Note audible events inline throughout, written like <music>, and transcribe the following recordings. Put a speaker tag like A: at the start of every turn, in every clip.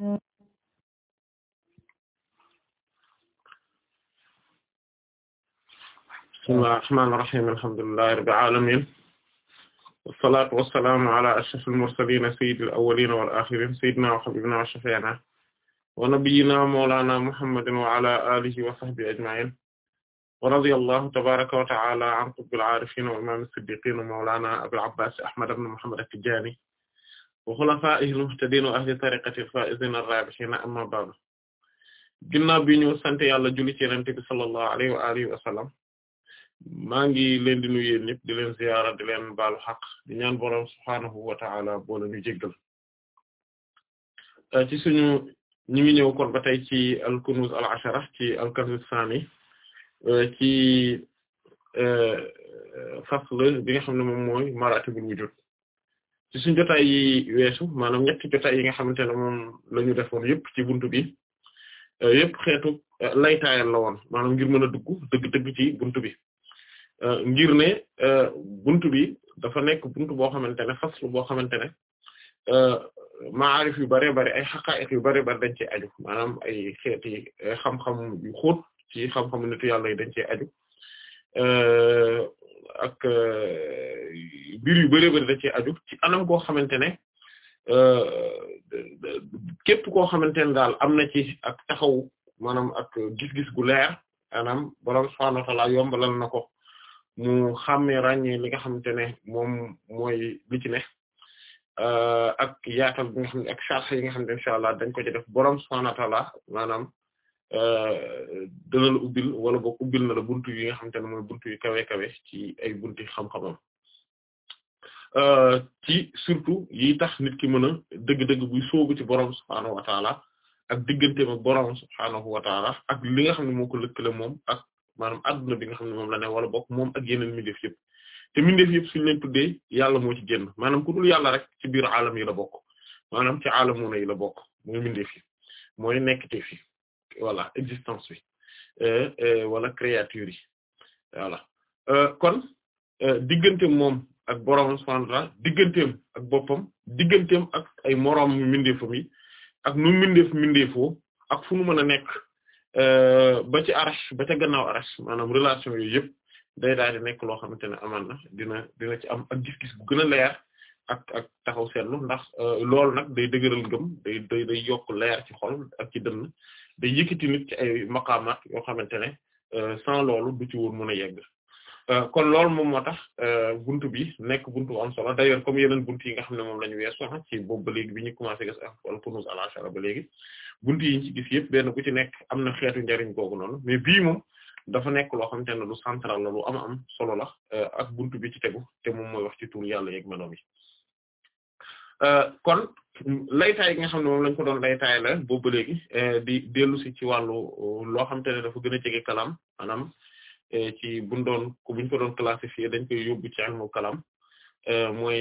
A: Mm. bismillahi rahmaani rahiim alhamdulillahi rabbil aalamiin wassalaatu wassalaamu ala ashrafil mursaliin sayyidil awwaliin wal aaxiriin sayyidinaa wa habiibinaa wa shafii'inaa wa nabiyyinaa mawlaanaa muhammadin wa ala aalihi wa sahbihi ajma'iin wa radiyallahu tabaaraka wa ta'aalaa an qutbil aarifiin wa imaamil siddiqiin mawlaanaa abil abbaas ahmad ibn muhammad at-tijaani o xulafaa'ihi al-muhtadiin wa ahli tariqatihi al-faa'iziina ar-raabihiina amma ba'du ginnaaw bi ñu sant yàlla julli ci yonent bi wa alihi wa sallam maa ngi leen di nuyu yéen ñëpp di leen ziyaara di xaq di ñaan boroom subhaanahu wa ta'aala boole ñu jéggal ci suñu ñu ngi ñëw kon ba tey ci al-Kunûz al-'Ashara ci al-Kanz as ci euh, fasl bi nga xam ne moom mooy maratibul wujud ci suñ jotaay yi weesu maanaam ñetti jotaay yi nga xamante ne moom la ñu defoon yëpp ci bunt bi euh, yëpp xeetu euh, laytaayal la woon maanaam ngir mën a dugg dëgg-dëgg ci bunt bi euh, ngir ne bunt bi dafa nekk bunt boo xamante ne faslu boo xamante ne maarif yu bare bari ay xaqaa'iq yu bare bari dañ ci aju maanaam ay xeeti xam-xam yu ci xam-xam nitu yàlla yi dañ ci aju ak euh, mbir yu bari bari da ci aju ci anam koo xamante ne euh, képp koo xamante ne daal am na ci ak taxaw maanaam ak gis-gis gu leer anam borom subhaanahu wa ta'aala yombalal na ko mu xàmmee ràññee li nga xamante ne moom mooy li ne euh, ak yaatal bi nga xam ak charge yi nga xam ne incha allah dañ ko ci def borom subhaanahu wa Euh, dana la ubbil wala boog ubbil na la buntu yi nga xamante ne mooy buntu yu kawe kawe ci ay buntu xam-xamam euh, ci surtout yi tax nit ki mën a dëgg-dëgg buy soobu ci borom subhaanahu wa ak digganteem ak borom subhaanahu wa ak li nga xam ne moo ko lëkkale moom ak maanaam adduna bi nga xam ne moom la ne wala bokk moom ak yeneen mbindeef yëpp te mbindeef yëpp suñ leen tuddee yàlla moo ci génn maanaam ku dul yàlla rek ci biir aalam yi a bokk maanaam ci aalamuuna yi la bokk mooy mbindeef voilà existence bi euh, euh, wala créature yi voilà euh, kon diggante moom ak borom subhaanahu wa ta'aala ak boppam digganteem ak ay moroom mindeefam yi ak nu mindeef mindeefoo ak fu nu mën a nekk ba ci arash ba ca gannaaw arash maanaam relation yooyu yëpp day daal di nekk loo xamante ne amaan na dina dina ci am ak gis-gis bu gën a ak ak taxaw seetlu ndax loolu nag day dëgëral gëm day day day yokk leer ci xol ak ci dënn day yëkkati nit ci ay maqaamaat xamante ne euh, sans loolu du ci woon mën a yegg euh, kon loolu moom moo tax euh, buntu bi nekk buntu bu am solo d'ailleurs comme yeneen buntu yi nga xam ne moom la ñu weesoo ah, ci boobu ba léegi bi ñu commencé gis al kunuz al ashara ba léegi buntu yi ñu ci gis yëpp benn ku ci nekk am na xeetu njariñ googu noonu mais bii moom dafa nekk loo xamante ne lu central la lu am am solo la ak buntu bi ci tegu te moom mooy wax ci tur yàlla yeeg meloom mi kon laytaay gi nga xam ne moom lañ ko doon laytaay la boobu léegi eh, di dellu ci wàllu eh, loo xam te ne dafa gën a jege kalam maanaam eh, ci buñ doon ku buñ ko doon classifier dañ koy yóbbu ci ilmu kalam mooy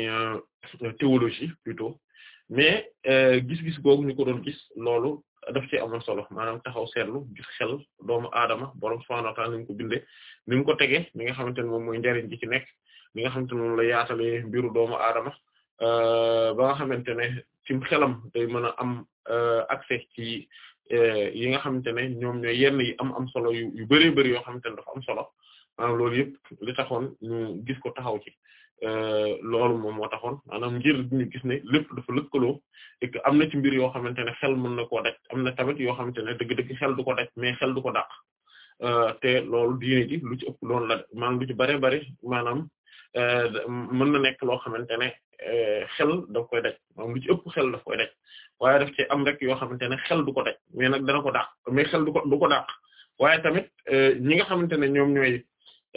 A: théologie plutôt mais gis-gis googu ñu ko doon gis loolu daf ci amoon solo maanaam taxaw seetlu gis xel doomu aadama borom subhanahu wa ta'ala ni ko bindee ni ko tege li nga xamante ne moom mooy njariñ gi ci nekk li nga xamante ne moom la yaatalee mbiru doomu aadama ba nga xamante ne ci xelam day mën am euh, accès ci euh, yi nga xamante ne ñoom ñooy yenn yi am am solo yu yu bëree bëri yoo xamante ne dafa am solo maanaam loolu yëpp li taxoon ñu gis ko taxaw ci euh, loolu mom moo taxoon maanaam ngir ñu gis ne lépp dafa lëkkaloo et am na ci mbir yoo xamante ne xel mën na koo daj am na tamit yo xamante ne dëgg-dëgg xel du ko daj mais xel du ko dàq te loolu diine ji lu ci ëpp loolu la maanaam lu ci bare bari maanaam mën na nekk loo xamante ne Eh, xel daf koy daj moom lu ci ëpp xel daf koy daj waaye daf ci am rek yoo xamante ne xel du ko daj mais nag dana ko dàq mais xel du ko du waaye tamit eh, ñi nga xamante ne ñoom ñooy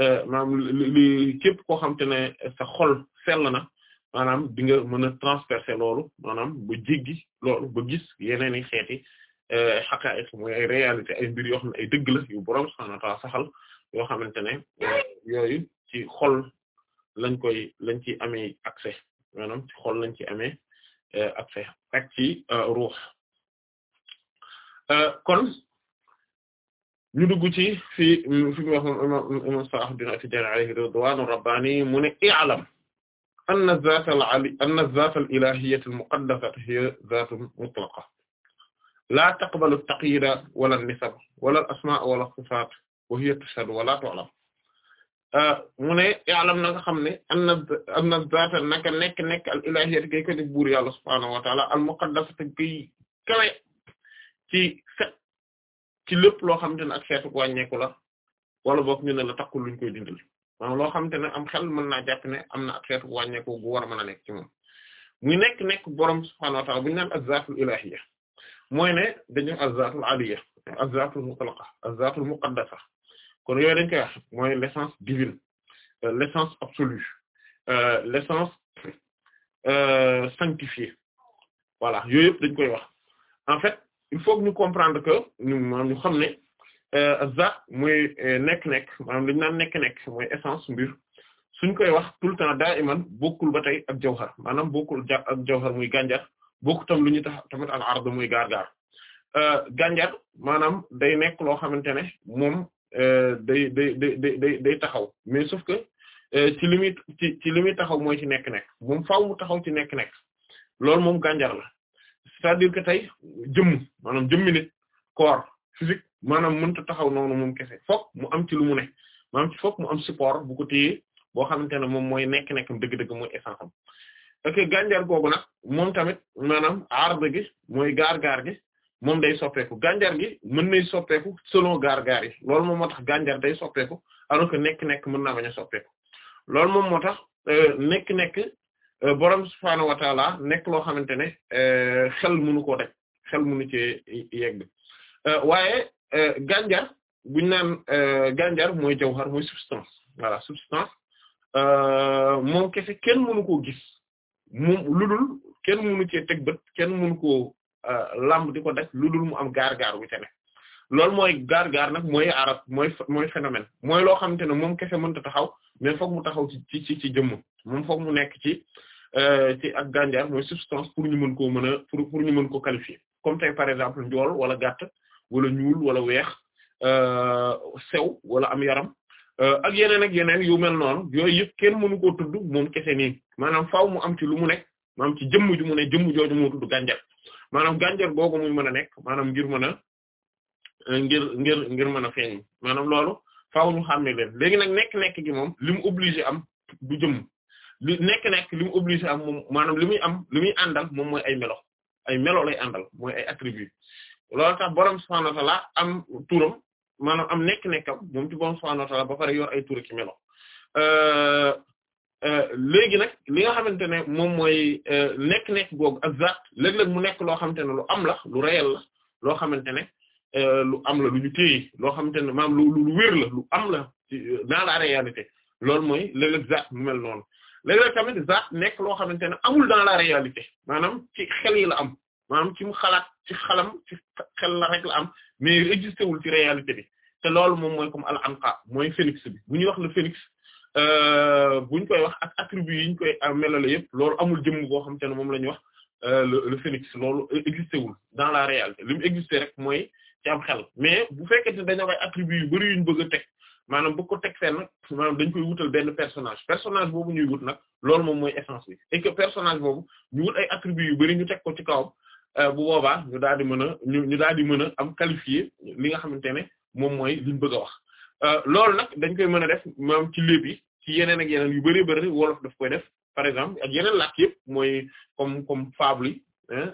A: eh, maanaam li képp koo xamante ne sa xol sell na maanaam di nga mën a transpercer loolu maanaam ba jéggi loolu ba gis yeneen i xeeti xaqaa'iq mooy ay réalité ay mbir yoo xam ne ay dëgg la yu borom xam wa ta'aala saxal yoo xamante ne yooyu ci xol lañ koy lañ ci amee accès maanaam ci xol lañ ci amee euh, ak fe ak ci euh, ruux euh, kon ñu dugg ci fi fi mu wax imam Sa'iduddin at-Tijani alayhi ridwanu rabbani mu ne i'lam anna zaat al-ali anna zaat al-ilahiyyah al-muqaddasah hiya zaat mutlaqa la taqbalu at-taqyid wala an-nisab wala al-asma' wala as-sifat wa hiya tushhad wa la tu'lam Euh, mu ne ya'lam na xam ne am na am na zaata naka nekk nekk al ilahiyat gay ko def buur yàlla subhaanahu wa taala al muqaddasata gay kawe ci set ci lépp loo xamante ne ak xeetu wàññeeku la wala boog ñu ne la takkul luñ koy dindal maanaam loo xamante ne am xel mën na jàpp ne am na ak xeetu wàññeeku gu war a mën a nekk ci moom mu nekk nekk borom subhaanahu wa taala bu ñu naan az-zaatul ilahiya mooy ne dañu az-zaatul aliyya az-zaatul mutlaqa az-zaatul kon yooyu dañ koy wax mooy divine euh, l'essence absolue euh, l'essence euh, sanctifiée voilà yooyu yëpp koy wax en fait il faut que comprendre que ñu maanaam ñu xam ne za mooy nekk-nekk maanaam dañu naan nekk-nekk mooy essence mbir suñ koy wax tout le temps daa iman bokkul ba tey ak jawhar maanaam bokkul ja ak jawhar muy gànjar bokku tam lu ñu tax tamit al ard muy gaar gaar gànjar maanaam day nekk loo xamante ne moom Euh, day day day day day taxaw mais sauf que euh, ci li muy ci ci li muy taxaw mooy ci nekk-nekk moom faw mu taxaw ci nekk-nekk loolu moom gànjar la cest diir dire que tey jëmm maanaam jëmmi nit corps physique maanaam mënta taxaw noonu moom kese fokk mu am ci lu mu ne maanaam ci mu am support bu ko téye boo xamante ne moom mooy nekk-nekkam dëgg-dëgg mooy essence am parce que gànjar googu nag moom tamit maanaam aar gi mooy gaar gaar gi moom day soppeeku gànjar gi mën nay soppeeku selon gaar-gaar yi loolu moom moo tax gànjar day soppeeku alors que nekk-nekk mën naa bañ a soppeeku loolu moom moo tax euh, nekk-nekk euh, borom subhaanahu wa nekk loo xamante ne euh, xel mënu koo daj xel mënu cee yegg waaye gànjar buñ naan gànjar mooy jawhar mooy substance voilà substance moom kese kenn mënu koo gis moom lu dul ken mënu cee teg bët kenn mënu koo Euh, làmb di ko daj lu dul mu am gaar-gaar bu ca loolu mooy gaar-gaar nag mooy arab mooy mooy mooy loo xamante ne moom kese mënta taxaw mais foog mu taxaw ci ci ci jëmm moom foog mu nekk ci euh, ci ak gàncax mooy substance pour ñu mën koo mën a pour pour ñu mën ko qualifier comme tey par exemple njool wala gàtt wala ñuul wala weex euh, sew wala am yaram ak yeneen ak yeneen yu mel noonu yooyu yëpp kenn mënu koo tudd moom kese nii maanaam faaw mu am ci lu mu nekk mam ci jëmm ju mu ne jëmm jooju moo tudd gàncax maanaam gàncax googu muy mën a nekk maanaam ngir mën a ngir ngir ngir mën a feeñ maanaam loolu faaw ñu xàmme léegi nag nekk-nekk gi moom li mu obligé am du jëm li nekk-nekk li mu obligé am moom maanaam li muy am li muy àndal moom mooy ay melo ay melo lay àndal mooy ay attribut loolu tax borom subhaanahu wa am turam maanaam am nekk-nekkam moom ci borom subhaanahu ba pare yor ay tur ki melo. Euh, Euh, léegi nag li nga xamante ne moom mooy euh, nekk-nekk googu ak zaat léeg-léeg mu nekk loo xamante ne lu am la lu réel la loo xamante ne euh, lu am la lu ñu téye loo xamante ne maam lu lu wér la lu am la ci dans la réalité loolu mooy léeg-léeg zaat mu mel noonu léeg-léeg tamit zaat nekk loo xamante ne amul dans la réalité maanaam ci xel la am maanaam ci mu xalaat ci xalam xel la rek la am mais existé wul ci réalité bi te loolu moom mooy comme al anqa mooy phénix bi bu ñuy wax le phénix Euh, buñ koy wax ak attributs yiñ koy melale yëpp loolu amul jëmm boo xam te ne moom la ñuy wax euh, le phénix loolu existé wul dans la réalité li mu existé rek mooy ci am xel mais bu fekkee ne dañoo koy attributs yu bari yuñ bëgg a teg maanaam bëgg ko teg fenn maanaam dañ koy wutal benn personnage personnage boobu ñu wut nag loolu moom moy essence bi et que personnage boobu ñu wut ay attributs yu bari ñu teg ko ci kawam euh, bu boobaa ñu daal di mën a ñu ñu daal di mën a am qualifié li nga xamante ne moom mooy liñ bëgg a wax loolu dañ koy mën a def moom ci léeb yi ci yeneen ak yeneen yu bari bari wolof daf koy def par exemple ak yeneen làkk yëpp mooy comme comme fable yi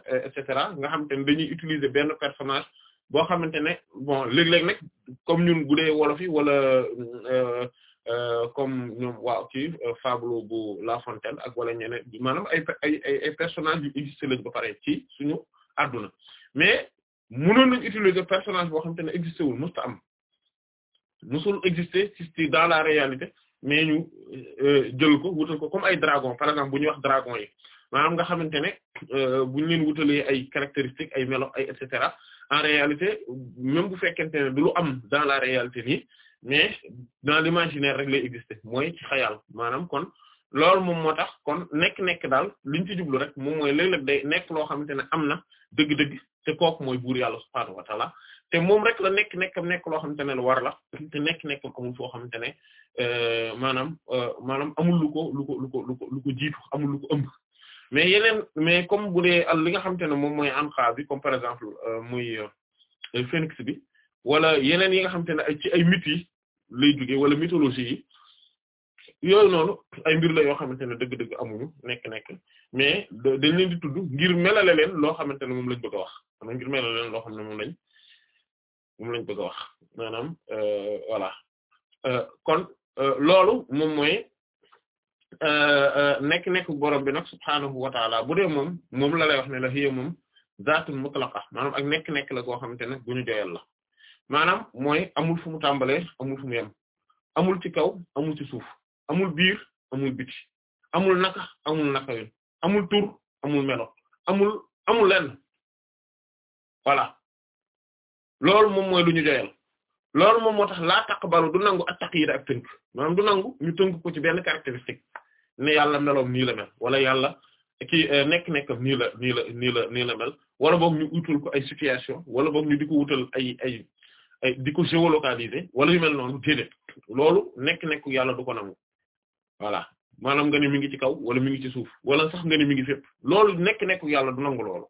A: et cetera nga xamante ne dañuy utiliser benn personnage boo xamante ne bon léeg-léeg nag comme ñun bu dee wolof wala euh, euh, comme ñoom waaw ci euh, fable bu La Fontaine ak wala ñeneen maanaam ay ay ay personnage yu existé lañ ba pare ci suñu àdduna mais mënoon nañ utiliser personnage boo xamante ne existé wul musta am musul existé ci dans la réalité mais ñu euh, jël ko wutal ko comme ay dragon par exemple bu ñuy wax dragon yi maanaam nga xamante ne euh, bu ñu leen wutalee ay caractéristiques ay melo ay et cetera en réalité même bu fekkente ne du lu am dans la réalité nii mais dans l'imaginaire rek lay exister mooy ci xayal maanaam kon loolu moom moo tax kon nekk-nekk daal liñ ci jublu rek moom mooy léeg-léeg day nekk loo xamante ne am na dëgg-dëgg te kooku mooy buur yàlla subhaanahu wa taala te moom rek la nekk nekkam nekk loo xamante ne lu war la te nekk nekkam amul foo xamante ne euh, maanaam euh, maanaam amul lu ko lu ko lu ko lu mais yeneen mais comme bu ne al li nga xamante ne moom mooy anqa bi comme par exemple euh, muy phénix bi wala yeneen yi nga xamante ne ay ci ay mythes yi lay jóge wala mythologie yi yooyu noonu ay mbir la yoo xamante ne dëgg-dëgg amuñu nekk-nekk mais dañ leen di ngir melale leen loo xamante ne moom lañ bëgg a wax ngir melale leen loo xam ne moom lañ moom lañ bëgg a wax maanaam euh, voilà euh, kon euh, loolu moom mooy nekk-nekk boro bi nag subhaanahu wa taala bu dee moom moom la lay wax ne la hiya moom zaatun mutlaqa maanaam ak nekk-nekk la goo xamante ne bu ñu joyal la maanaam mooy amul fu mu tàmbalee amul fu mu amul ci kaw amul ci suuf amul biir amul biti amul naka amul naka yoon amul tur amul melo amul amul lenn voilà loolu moom mooy lu ñu joyal loolu moom moo tax laa taqbalu du nangu ak taqyid ak tënk maanaam du nangu ñu tënk ko ci benn caractéristique ne yàlla meloom nii mel wala yàlla ki euh, nekk nekkam nii la nii la nii la nii la mel wala boog ñu utal ko ay situation wala boog ñu di ko wutal ay ay ay di ko géolocaliser wala yu mel noonu déedéet loolu nekk nekku yàlla du ko nangu voilà maanaam nga ne mi ngi ci kaw wala mi ngi ci suuf wala sax nga ne mi ngi fépp loolu nekk nekku yàlla du nangu loolu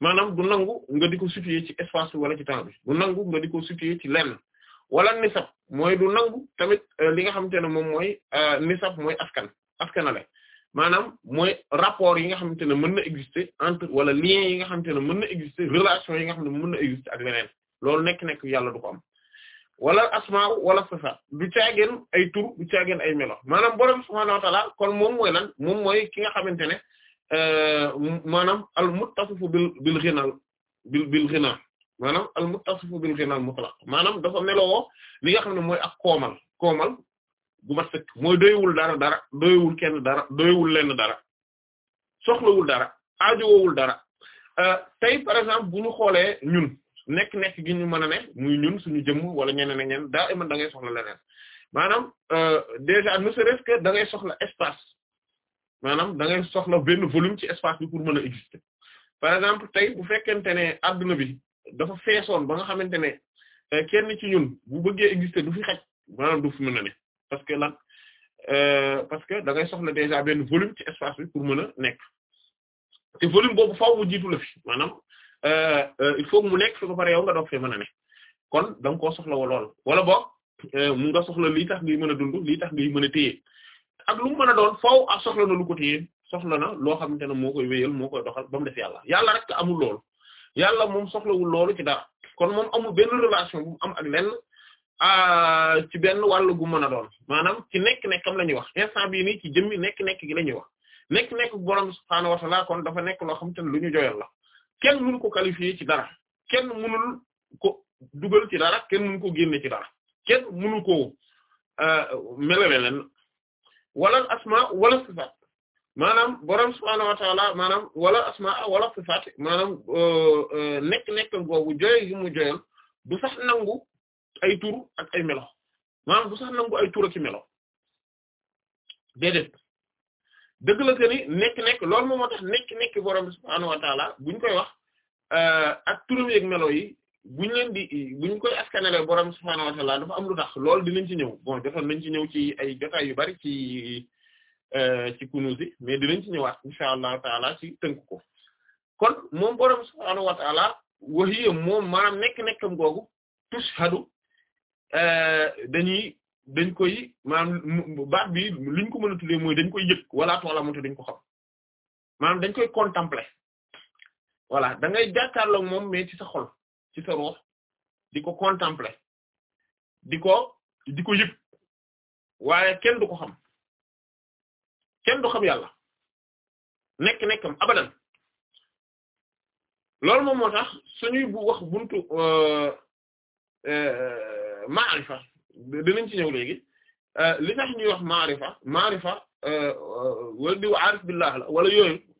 A: maanaam du nangu nga di ko situer ci espace wala ci temps bi du nangu nga di ko situer ci lenn wala nisab mooy du nangu tamit euh, li nga xamante ne moom mooy euh, nisab moy askan askan askanale maanaam mooy rapport yi nga xamante ne mën na exister entre wala lien yi nga xam ne mën na exister relation yi nga xam ne mën na exister ak leneen loolu nekk-nekk yàlla du ko am wala asma wala sifaat du caageen ay tur du caageen ay melo maanaam borom subhaanahu wa ta'aala kon moom mooy lan moom mooy ki nga xamante ne Euh, maanaam al muttasifu bil bil ghina bil bil ghina maanaam al muttasifu bil ghina al mutlaq maanaam dafa meloo li nga xam ne mooy ak koomal koomal gu mat sëkk mooy doywul dara dara doywul kenn dara doywul lenn dara soxlawul dara aajowul dara euh, tey par exemple bu ñu xoolee ñun nekk-nekk gi ñu mën a ne muy ñun suñu jëmm wala ñeneen ak ñeneen daa iman da ngay soxla leneen maanaam euh, déjà ne serait-ce que da ngay soxla espace maanaam da ngay soxla benn volume ci espace bi pour mën a exister par exemple tey bu fekkente ne adduna bi dafa feesoon ba nga xamante ne eh, kenn ci ñun bu bëggee exister du fi xaj maanaam du fi a ne parce que lan eh, parce que da soxla déjà benn volume ci espace bi pour mën a nekk te volume boobu faaw mu jiitu la fi maanaam eh, il faut mu nekk fi ba pare yow nga doog fee mën kon da nga koo soxla wa lool wala boog mu nga soxla lii tax ngay mën a dund lii tax ngay mën a téye ak lu mu mën a doon foofu ak soxla na lu ko téye soxla na loo xamante ne moo koy wéyal moo koy doxal ba mu def yàlla yàlla rek amul loolu yàlla moom soxlawul loolu ci dara kon moom amul benn relation bu mu am ak lenn ah, ci benn wàll gu mën a doon maanaam ci nekk-nekkam la ñuy wax instant bii nii ci jëmmi nekk-nekk gi la ñuy wax nekk-nekk borom subhaanahu wa ta'aala kon dafa nekk loo xamante ne lu ñu joyal la kenn mënu ko qualifier ci dara kenn mënul ko dugal ci dara kenn mënu ko génne ci dara ko ah, melale leen wala asma wala sifaat maanaam borom subhaanahu wa taala maanaam wala asma wala sifaat maanaam euh, euh, nekk nekk googu jooy gi mu jooyal du sax nangu ay tur ak ay melo maanaam du sax nangu ay tur ak i melo déedéet dëgg la que ni nekk nekk loolu moom moo tax nekk nekk koy wax euh, ak turam yeeg melo yi buñ leen di buñ koy askanale borom subhaanahu wa ta'aala dafa am lu tax loolu dinañ ci ñëw bon defoon nañ ci ñëw ci ay jotaay yu bari ci euh, ci Kunûz mais dinañ ci ñëwaat insha allah taala ci tënk ko kon moom borom subhaanahu wa ta'aala wahiya moom maanaam nekk-nekkam googu tushhadu euh, dañuy dañ koy maanaam baat bi liñ ko mën a mooy dañ koy yëg wala toola moonte dañ ko xam maanaam dañ koy contempler voilà da ngay jàkkaarloog moom mais ci sa ci sa ruux di ko contempler di ko di ko yëg waaye kenn du ko xam kenn du xam yàlla nekk nekkam abadan loolu moom moo tax suñuy bu wax buntu euh, euh, maarifa dinañ ci ñëw léegi euh, li tax ñuy wax maarifa maarifa wala di wa aarif billah la wala yooyu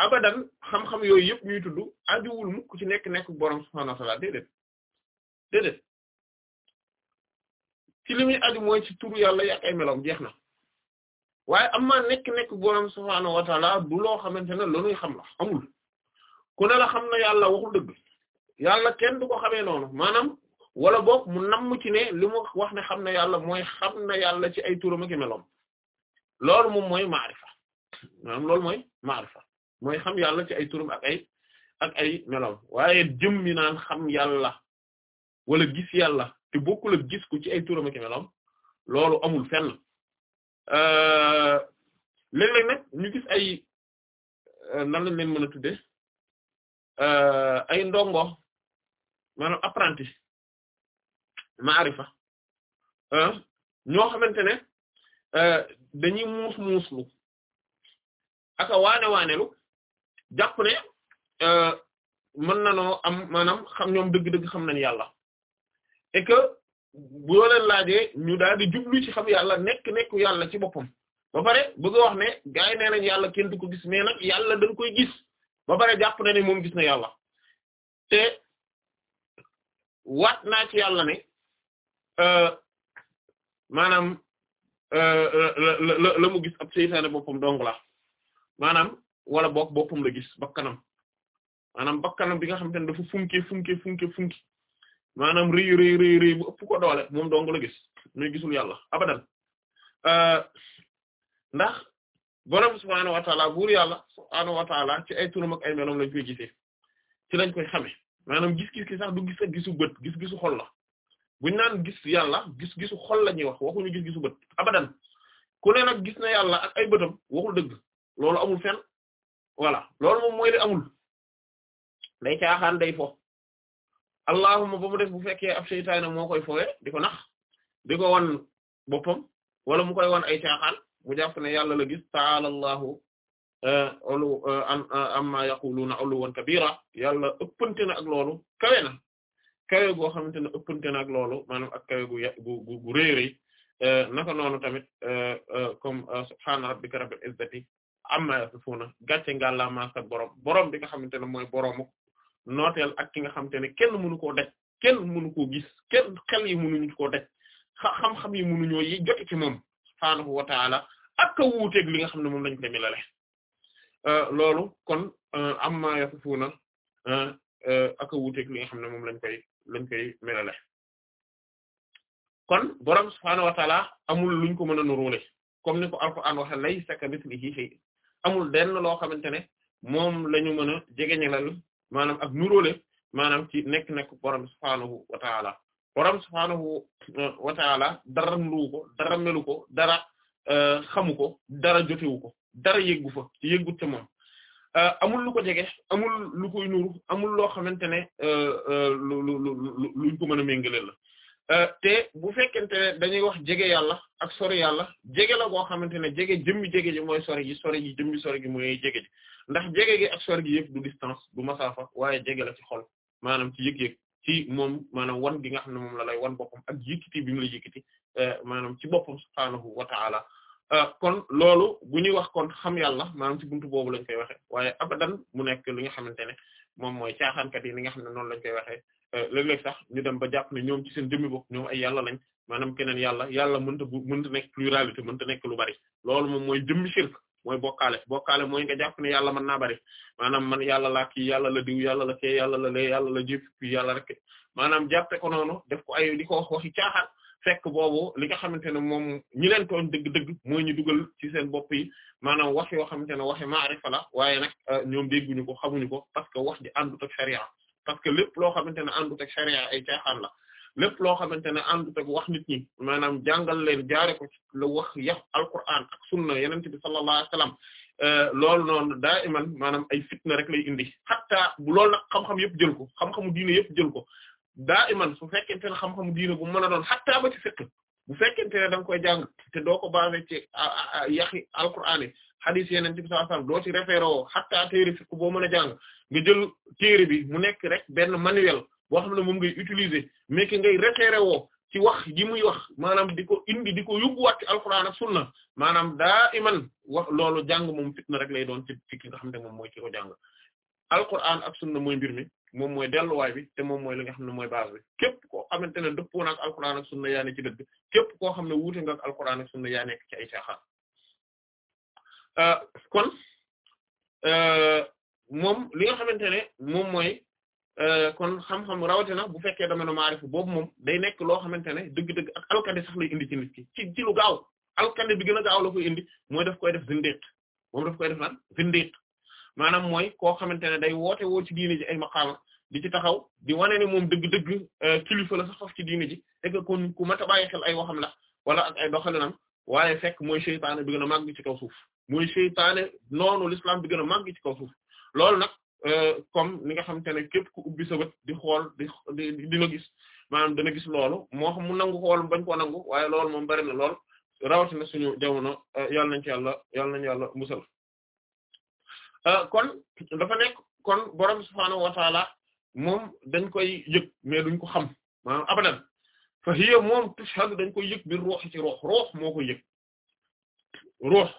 A: abadan xam-xam yooyu yëpp ñuy tudd ajuwul mukk ci nekk nekk borom subhaanahu wa ta'aala déedéet déedéet ci li aju mooy ci turu yàlla yàq ay meloom jeex na waaye am maa nekk nekk borom subhaanahu wa du loo xamante ne loo nuy xam la amul ku ne la xam na yàlla waxul dëgg yàlla kenn du ko xamee noonu maanaam wala boog mu namm ci ne li mu wax ne xam na yàlla mooy xam na yàlla ci ay turam ak meloom loolu moom mooy maarifa maanaam loolu mooy maarifa mooy xam yàlla ci ay turam ak ay ak ay melam waaye jëmmi naan xam yàlla wala gis yàlla te bokkul ak gis ko ci ay turam ak melam loolu amul fenn euh, léeg-léeg nag ñu gis ay euh, nan lañ leen mën a tudde euh, ay ndongo maanaam apprenti maarifa ñoo xamante ne dañuy muus muuslu aka waane waanelu jàpp ne euh, mën na noo am maanaam xam ñoom dëgg-dëgg xam nañ yàlla et que boo leen laajee ñu daal di jublu ci xam yàlla nekk nekku yàlla ci boppam ba pare bëgg wax ne gay yi nee nañ yàlla kenn du ko gis mais nag yàlla dañ koy gis ba pare jàpp na ne moom gis na yàlla te waat naa ci yàlla ne euh, maanaam euh, la la gis ab seytaane boppam dong wala boog boppam la gis bakkanam maanaam bakkanam bi nga xamante ne dafa funke funke funke funke maanaam rëy rëy rëy bu ëpp ko doole moom dong la gis muy gisul yàlla abadan euh, ndax borom subhaanahu wa taala buur yàlla subhaanahu wa taala ci ay turam ak ay meloom lañ koy gisee ci lañ koy xamee maanaam gis-gis ki sax du gis gisu bët gis-gisu xol la buñu naan gis yàlla gis-gisu xol la ñuy wax waxuñu gis-gisu bët abadan ku ne nag yàlla ay bëtam waxul dëgg loolu amul fenn voilà loolu moom mooy li amul day caaxaan day fo allahuma ba mu bu fekkee ab seytaane moo koy fowe di ko nax di ko wan boppam wala mu koy wan ay caaxaan mu jàpp ne yàlla la gis taala allahu olu eh, eh, eh, amma yaquluna uluwan kabira yàlla ëppante na ak loolu kawe na kawe goo xamante ne ëppante na ak loolu maanaam ak gu gu gu réeréy naka noonu tamit comme subhaana rabbika rabbil izzati amma yasifuuna gàcce ngàllaamaa sa borom borom bi nga xamante ne mooy boroomu nooteel ak ki nga xamante ne kenn mënu koo def kenn mënu koo gis kenn yi mënuñu koo def xam-xam yi mënuñoo yi jote ci moom subhaanahu wa taala ak li nga xam ne moom lañ demee lale loolu kon amma yasifuuna ak a wuuteeg li nga xam ne moom lañ euh, euh, euh, koy lañ koy melale kon borom amul luñ ko mën a nuróole comme ni ko Alxuraan waxe amul benn loo xamante ne moom la ñu mën a jegeñalal maanaam ak nuróole maanaam ci nekk nek borom subhaanahu wa taala borom subhaanahu euh, wa taala dara nuru ko dara melu ko dara euh, xamu ko dara jotewu ko dara yëggu fa ci yëggut te moom euh, amul lu ko jege amul lu koy nuru amul loo xamante ne lu lu lu luñ ko mën a méngaleel la Euh, te bu fekkente ne dañuy wax jege yàlla ak sori yàlla jege la boo xamante ne jege jëmmi jege ji mooy sori ji sori ji jëmmi sori gi mooy jege ji ndax jege gi ak sori gi yëpp du distance du masaafa waaye jege la ci xol maanaam ci yëg-yëg ci moom maanaam wan gi nga xam ne moom la lay wan boppam ak yëkkiti bi mu la yëkkiti euh, manam ci boppam subhaanahu wa ta'ala euh, kon loolu bu ñuy wax kon xam yàlla maanaam ci buntu boobu lañ koy waxe waaye abadan mu nekk li nga xamante ne moom mooy caaxaankat yi li nga xam ne noonu lañ koy waxee euh, léeg-léeg sax ñu dem ba jàpp ne ñoom ci seen jëmmi bopp ñoom ay yàlla lañ maanaam keneen yàlla yàlla mënta bu mënta nekk pluralité mënta nekk lu bari loolu moom mooy jëmmi shirk mooy bokkaale bokkaale mooy nga jàpp ne yàlla man naa bari maanaam man yàlla laa kii yàlla la diw yàlla la kee yàlla la lee yàlla la yàlla rek maanaam jàppe ko noonu def ko ay li ko wax waxi caaxaan fekk boobu li nga xamante ne moom ñi leen tooñ dëgg-dëgg mooy ñu dugal ci seen bopp yi maanaam wax yoo xamante ne waxe maarifa la waaye nag euh, ñoom dégguñu ko xamuñu ko parce que wax ji àndut ak sharia parce que lépp loo xamante ne àndut ak sharia ay caaxaan la lépp loo xamante ne àndut ak wax nit ñi maanaam jàngal leen jaare ko la wax yaf alquran ak sunna yenente bi sallallahu alayhi wasallam euh, loolu noonu daa iman maanaam ay fitna rek lay indi xataa bu loolu nag xam-xam yëpp jël ko xam-xamu diine yëpp jël ko daa iman su fekkente ne xam-xam diina bu mën a doon xattaa ba ci fiqh bu fekkente ne da nga koy jàng te doo ko basé ci yaxi alquraan yi xadis yeneen ci sallallahu alayhi wasallam doo ci référé woo xattaa téere fiqh boo mën a jàng nga jël téere bi mu nekk rek benn manuel boo xam ne moom ngay utiliser mais que ngay référé woo ci wax ji muy wax maanaam di ko indi di ko yóbbuwaat ci alquraan ak na maanaam daa iman wax loolu jàng moom fitna rek lay doon ci ci nga xam ne moom mooy ci ko jàng alquran ak na mooy mbir mi moom mooy delluwaay bi te moom mooy li nga xam ne mooy base bi képp koo xamante ne dëppoo na ak alquran képp koo xam ne wuute nga ak alquran ak sunna yaa nekk ci ay caaxaan euh, kon euh, moom li nga xamante ne moom mooy euh, kon xam-xam rawatina bu fekkee dama ne maarifu boobu moom day nekk loo xamante ne dëgg-dëgg ak alkande sax lay indi ci nit ki ci gaaw alkande bi gaaw la koy indi mooy daf koy def zindiq moom daf koy def lan zindiq maanaam mooy koo xamante ne day woote woo ci diine ji ay maqaama di ci taxaw di wane ne moom dëgg-dëgg euh, kilifa la sax faf ci diine ji et que kon ku mat a bàyyi xel ay waxam la wala ak ay doxalinam waaye fekk mooy seytaane bi gën a màgg ci kaw suuf mooy seytaane noonu l'islam bi gën a màgg ci kaw suuf loolu nag euh, comme ni nga xamante ne képp ku ubbi sa bët di xool di di dina gis maanaam dana gis loolu moo xam mu nangu xool bañ koo nangu waaye loolu moom bari na lool rawatina suñu jamono euh, yàlla nañ ci yàlla yàlla nañ yàlla musal Euh, kon dafa nekk kon borom subhaanahu wa taala moom dañ koy yëg mais ko xam maanaam abadan fa hiya moom tushhadu dañ koy yëg bi ruux ci ruux moo koy yëg ruux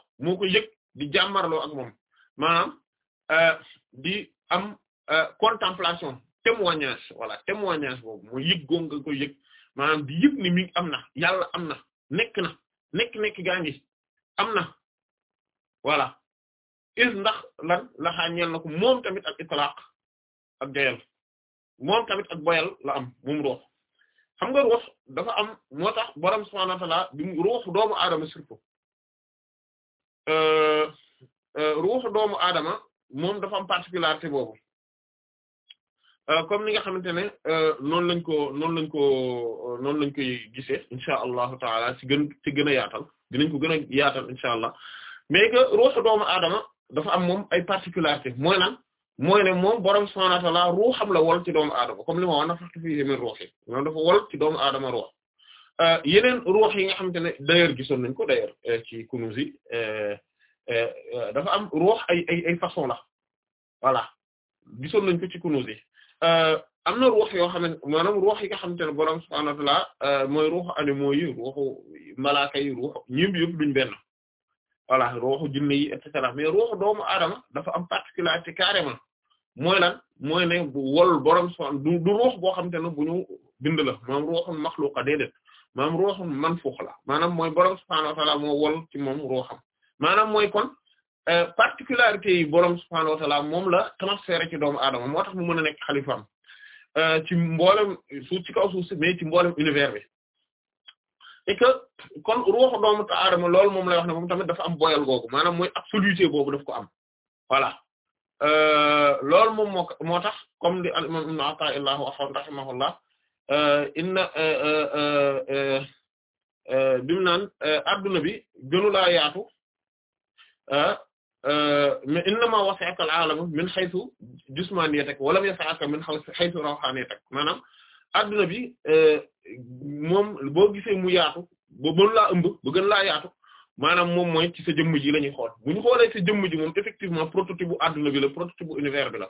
A: di jàmmarloo ak moom maanaam euh, di am euh, contemplation témoignage voilà témoignage boobu mooy yëg goog nga koy yëg maanaam di yëg ni mi am na yàlla am na nekk na nekk-nekk gaa ngi am na voilà is ndax lan laxaa ñeel na ko moom tamit ak itlaq ak joyal moom tamit ak boyal la am moom ruux xam nga ruux dafa am moo tax borom subhaanahu wa ta'aala bi mu ruuxu doomu aadama surtout euh, euh, ruuxu doomu aadama moom dafa am particularité a euh, comme ni nga xamante ne noonu lañ ko noonu lañ ko noonu lañ koy gisee incha allahu taala ci gën ci gën a yaatal dinañ ko gën a yaatal incha allah mais que ruuxu doomu aadama dafa am moom ay particularité mooy lan mooy ne moom borom subhaanahu wa ta'aala ruuxam la wol ci doom aadama comme limo ma wax na faxtu fii min ruuhi moom dafa wol ci doomu aadama ruux euh, yeneen ruux yi nga xamante ne d'ailleurs gisoon nañ ko d'ailleurs euh, ci Kunûz yi euh, dafa am ruux ay façon la voilà gisoon nañ ko ci Kunûz yi am na ruux yoo xam ne maanaam ruux yi nga xamante ne borom subhaanahu wa ta'aala mooy ruuxu animaux yi ruuxu malaaka yi ruuxu ñëpp yëpp duñ benn voilà ruuxu jinne yi et cetera doomu aadama dafa am particularité carrément mooy lan mooy ne wol borom son du du ruux boo xam te ne bu ñu bind la moom ruuxun maxluqa déedéet moom ruuxun manfuux la maanaam mooy borom subhaanahu wa ta'aala wol ci moom ruuxam maanaam mooy kon euh, particularité yi borom subhaanahu wa ta'aala moom la transféré ci doomu aadama moo tax mu mën a nekk xalifaam euh, ci mboolem suuf ci kaw suuf si mais ci mboolem univers bi et que kon ruuxu doomu aadama loolu moom lay wax ne mom tamit dafa am boyal googu maanaam mooy absoluté boobu daf ko am voilà euh, loolu moom moo moo tax comme li al a ibn Ata'illah waxoon rahimahullah euh, inna euh, bi mu naan adduna bi gënu laa yaatu mais innama wasi'aka al-'alam min haythu jismaniyatak wa lam yas'aka min haythu rawhaniyatak maanaam adduna bi euh, moom boo gisee mu yaatu ba mën laa ëmb ba gën laa yaatu maanaam moom mooy ci sa jëmm ji la ñuy xool bu ñu xoolee sa jëmm ji moom effectivement prototype bu adduna bi la prototype bu univers bi la.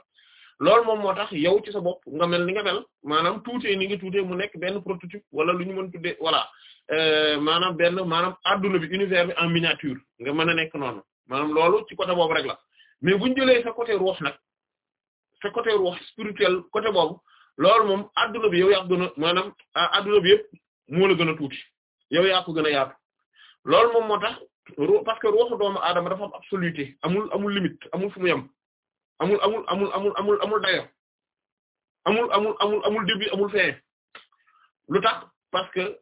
A: lool moom moo tax yow ci sa bopp mel ni nga mel maanaam tuutee ni ngi tuutee mu nekk benn prototype wala lu ñu mën tuddee voilà euh, maanaam benn maanaam adduna bi univers bi en miniature nga mën a nekk noonu maanaam loolu ci côté boobu rek la mais bu ñu jëlee sa côté ruux nag sa côté côté boobu. loolu moom adduna bi yow yaa ko gën a maanaam adduna bi yëpp la gën a tuuti yow yaa ko gën a yaatu loolu moom moo tax parce que ruuxu doomu aadama dafa am absoluté amul amul limite amul fu mu yem amul amul amul amul amul amul dayo amul amul amul amul début amul fin lu tax parce que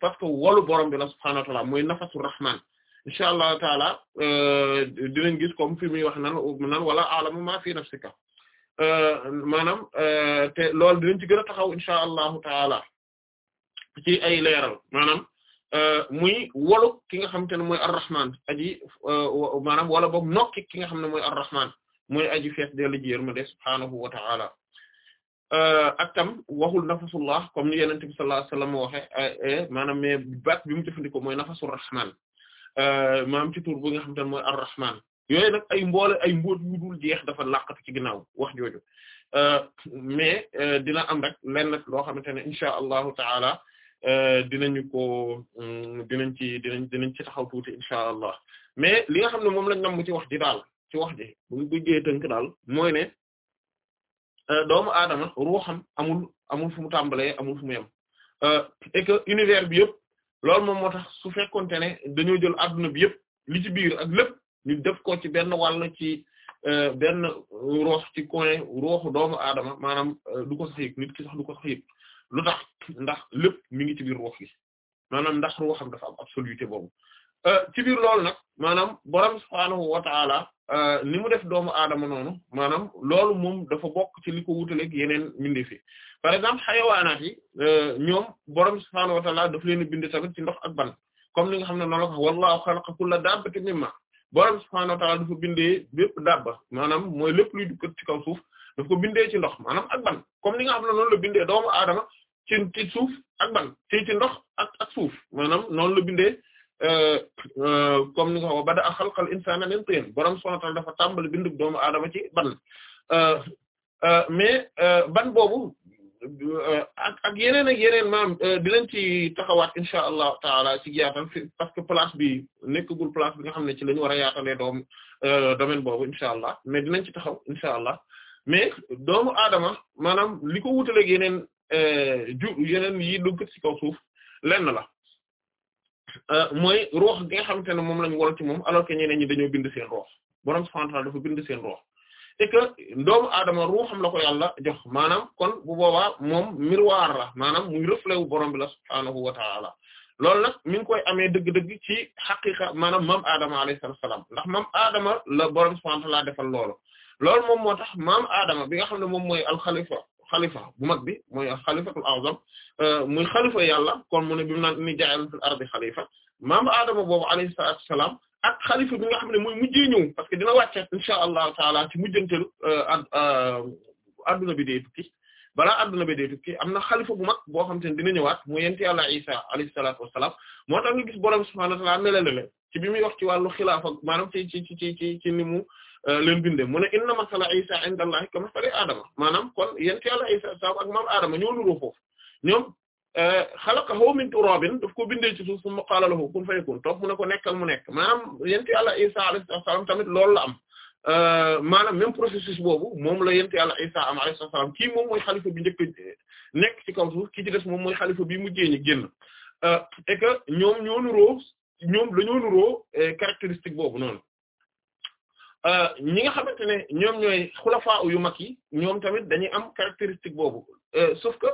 A: parce que wolu borom bi la subhaanahu wa ta'ala mooy nafasu rahman incha allah taala euh, dinañ gis fi muy wax nan nan wala a'lamu ma fi nafsika Euh, maanaam euh, te loolu dinañ ci gën a taxaw insha allahu taala ci ay leeral maanaam euh, muy wolu ki nga xamante ne mooy arrahman aji maanaam wala boog nokki ki nga xam ne mooy arrahman mooy aji fees dellu ji yërmande subhaanahu wa taala ak tam waxul nafasullah comme ni yenente bi sallallahu alayhi wasallam waxe eh, eh, maanaam mais baat bi mu jëfandikoo mooy nafasurrahman maanaam ci tur bi nga xamante ne mooy arrahman yooyu nag ay mboole ay mboot yu dul jeex dafa laqatu ci ginnaaw wax jooju euh, mais euh, dina am rek lenn loo xamante ne incha allahu taala euh, dinañu ko mm, dinañ ci dinañ dinañ ci taxaw tuuti incha allah mais li nga xam ne moom lañ nam ci wax di daal ci wax ji buñ bëggee tënk daal mooy ne doomu aadama ruuxam amul amul fu mu tàmbalee amul fu mu yem et que univers bi yëpp loolu moom moo tax su fekkonte ne dañoo jël adduna bi yëpp li ci biir ak lépp. ñu def ko ci benn wàll ci euh, benn roox ci coin rooxu doomu aadama maanaam euh, du ko sax yëg nit ki sax du sax yëg lu tax ndax lépp mi ngi ci biir roox gi maanaam ndax rooxam dafa am absoluté boobu euh, ci biir lool nag maanaam borom subhaanahu wa ta'ala ni mu def doomu aadama noonu maanaam loolu moom dafa bokk ci li ko wutaleeg yeneen mbindeef yi par exemple xayawaanaat yi ñoom borom subhaanahu wa ta'ala def leen bind tamit ci ndox ak ban comme li nga xam ne noonu la ko wallaahu xalaqa kulla borom subhaanahu wa ta'aala dafa bindee bépp dabba maanaam mooy lépp luy dugg ci kaw ko bindee ci ndox maanaam ak ban comme ni nga xam ne noonu la bindee doomu aadama ci ci suuf ak ban ci ci ndox ak ak suuf maanaam noonu la bindee euh, euh, comme ni nga xam bada xalqal insaana min tiin borom subhaanahu wa ta'aala dafa tàmbali bindu doomu aadama ci ban euh, mais ban boobu. ak ak yeneen ak yeneen maam euh, di leen ci taxawaat insha allahu taala ci yaatal parce que place bi nekkagul place bi nga xam ne ci la ñu war a yaatalee doom euh, domaine boobu insha allah mais dinañ ci taxaw insha allah mais doomu aadama maanaam li ko wutaleeg yeneen euh, ju yeneen yi dugg ci kaw suuf lenn la mooy roox nga xamante ne moom lañu wol ci moom alors que ñeneen ñi dañoo bind seen roox borom subhanahu wa ta'ala dafa bind seen roox et que doomu aadama ruuxam la ko yàlla jox maanaam kon bu boobaa moom miroir la maanaam muy reflet wu borom bi la subhaanahu wa ta'ala loolu nag mi ngi koy ame dëgg-dëgg ci xaqiqa maanaam maam aadama alayhi salaam ndax maam aadama la borom subhaanahu wa ta'ala defal loolu loolu moom moo tax maam aadama bi nga xam ne moom mooy alxalifa xalifa bu mag bi mooy xalifatul azam euh, muy xalifa yàlla kon mu ne bi mu naan ni jaa'ilun fil ardi xalifa maam aadama boobu alayhi salaatu wa salaam ak xalifa bi nga xam ne mooy mujjee parce que dina wàcceet insha allahu taala ci mujjantelu euh, euh, adduna bi day tukki balaa adduna bi day tukki am na xalifa bu mag boo xam te ne dina ñëwaat mu yent yàlla isa alayhi salaatu wassalaam moo tax nga gis borom subhaanahu wa bi muy wax ci wàllu xilaafa maanaam ci ci ci ci ci mu euh, leen binde mu ne inna masala isa inda allahi ka masali maanaam kon yent yàlla isa sa ak maam aadama ñoo nuroo foofu ñoom Eh, xalaqahu min turabin daf ko bindee ci suuf summa qaala lahu kun fayakun toog mu ne ko nekkal mu nekk maanaam yent yàlla Isa alayhi salaam tamit loolu la am eh, maanaam même processus boobu moom la yent yàlla Isa am alayhi salaam kii moom mooy xalifa bi njëkk nekk ci kaw suuf kii ci des moom mooy xalifa bi mujjee ñu génn eh, et que ñoom ñoo nuroo ñoom dañoo nuroo caractéristique boobu noonu ñi nga xamante ne ñoom ñooy xulafaa yu mag yi ñoom tamit dañuy am caractéristique boobu sauf que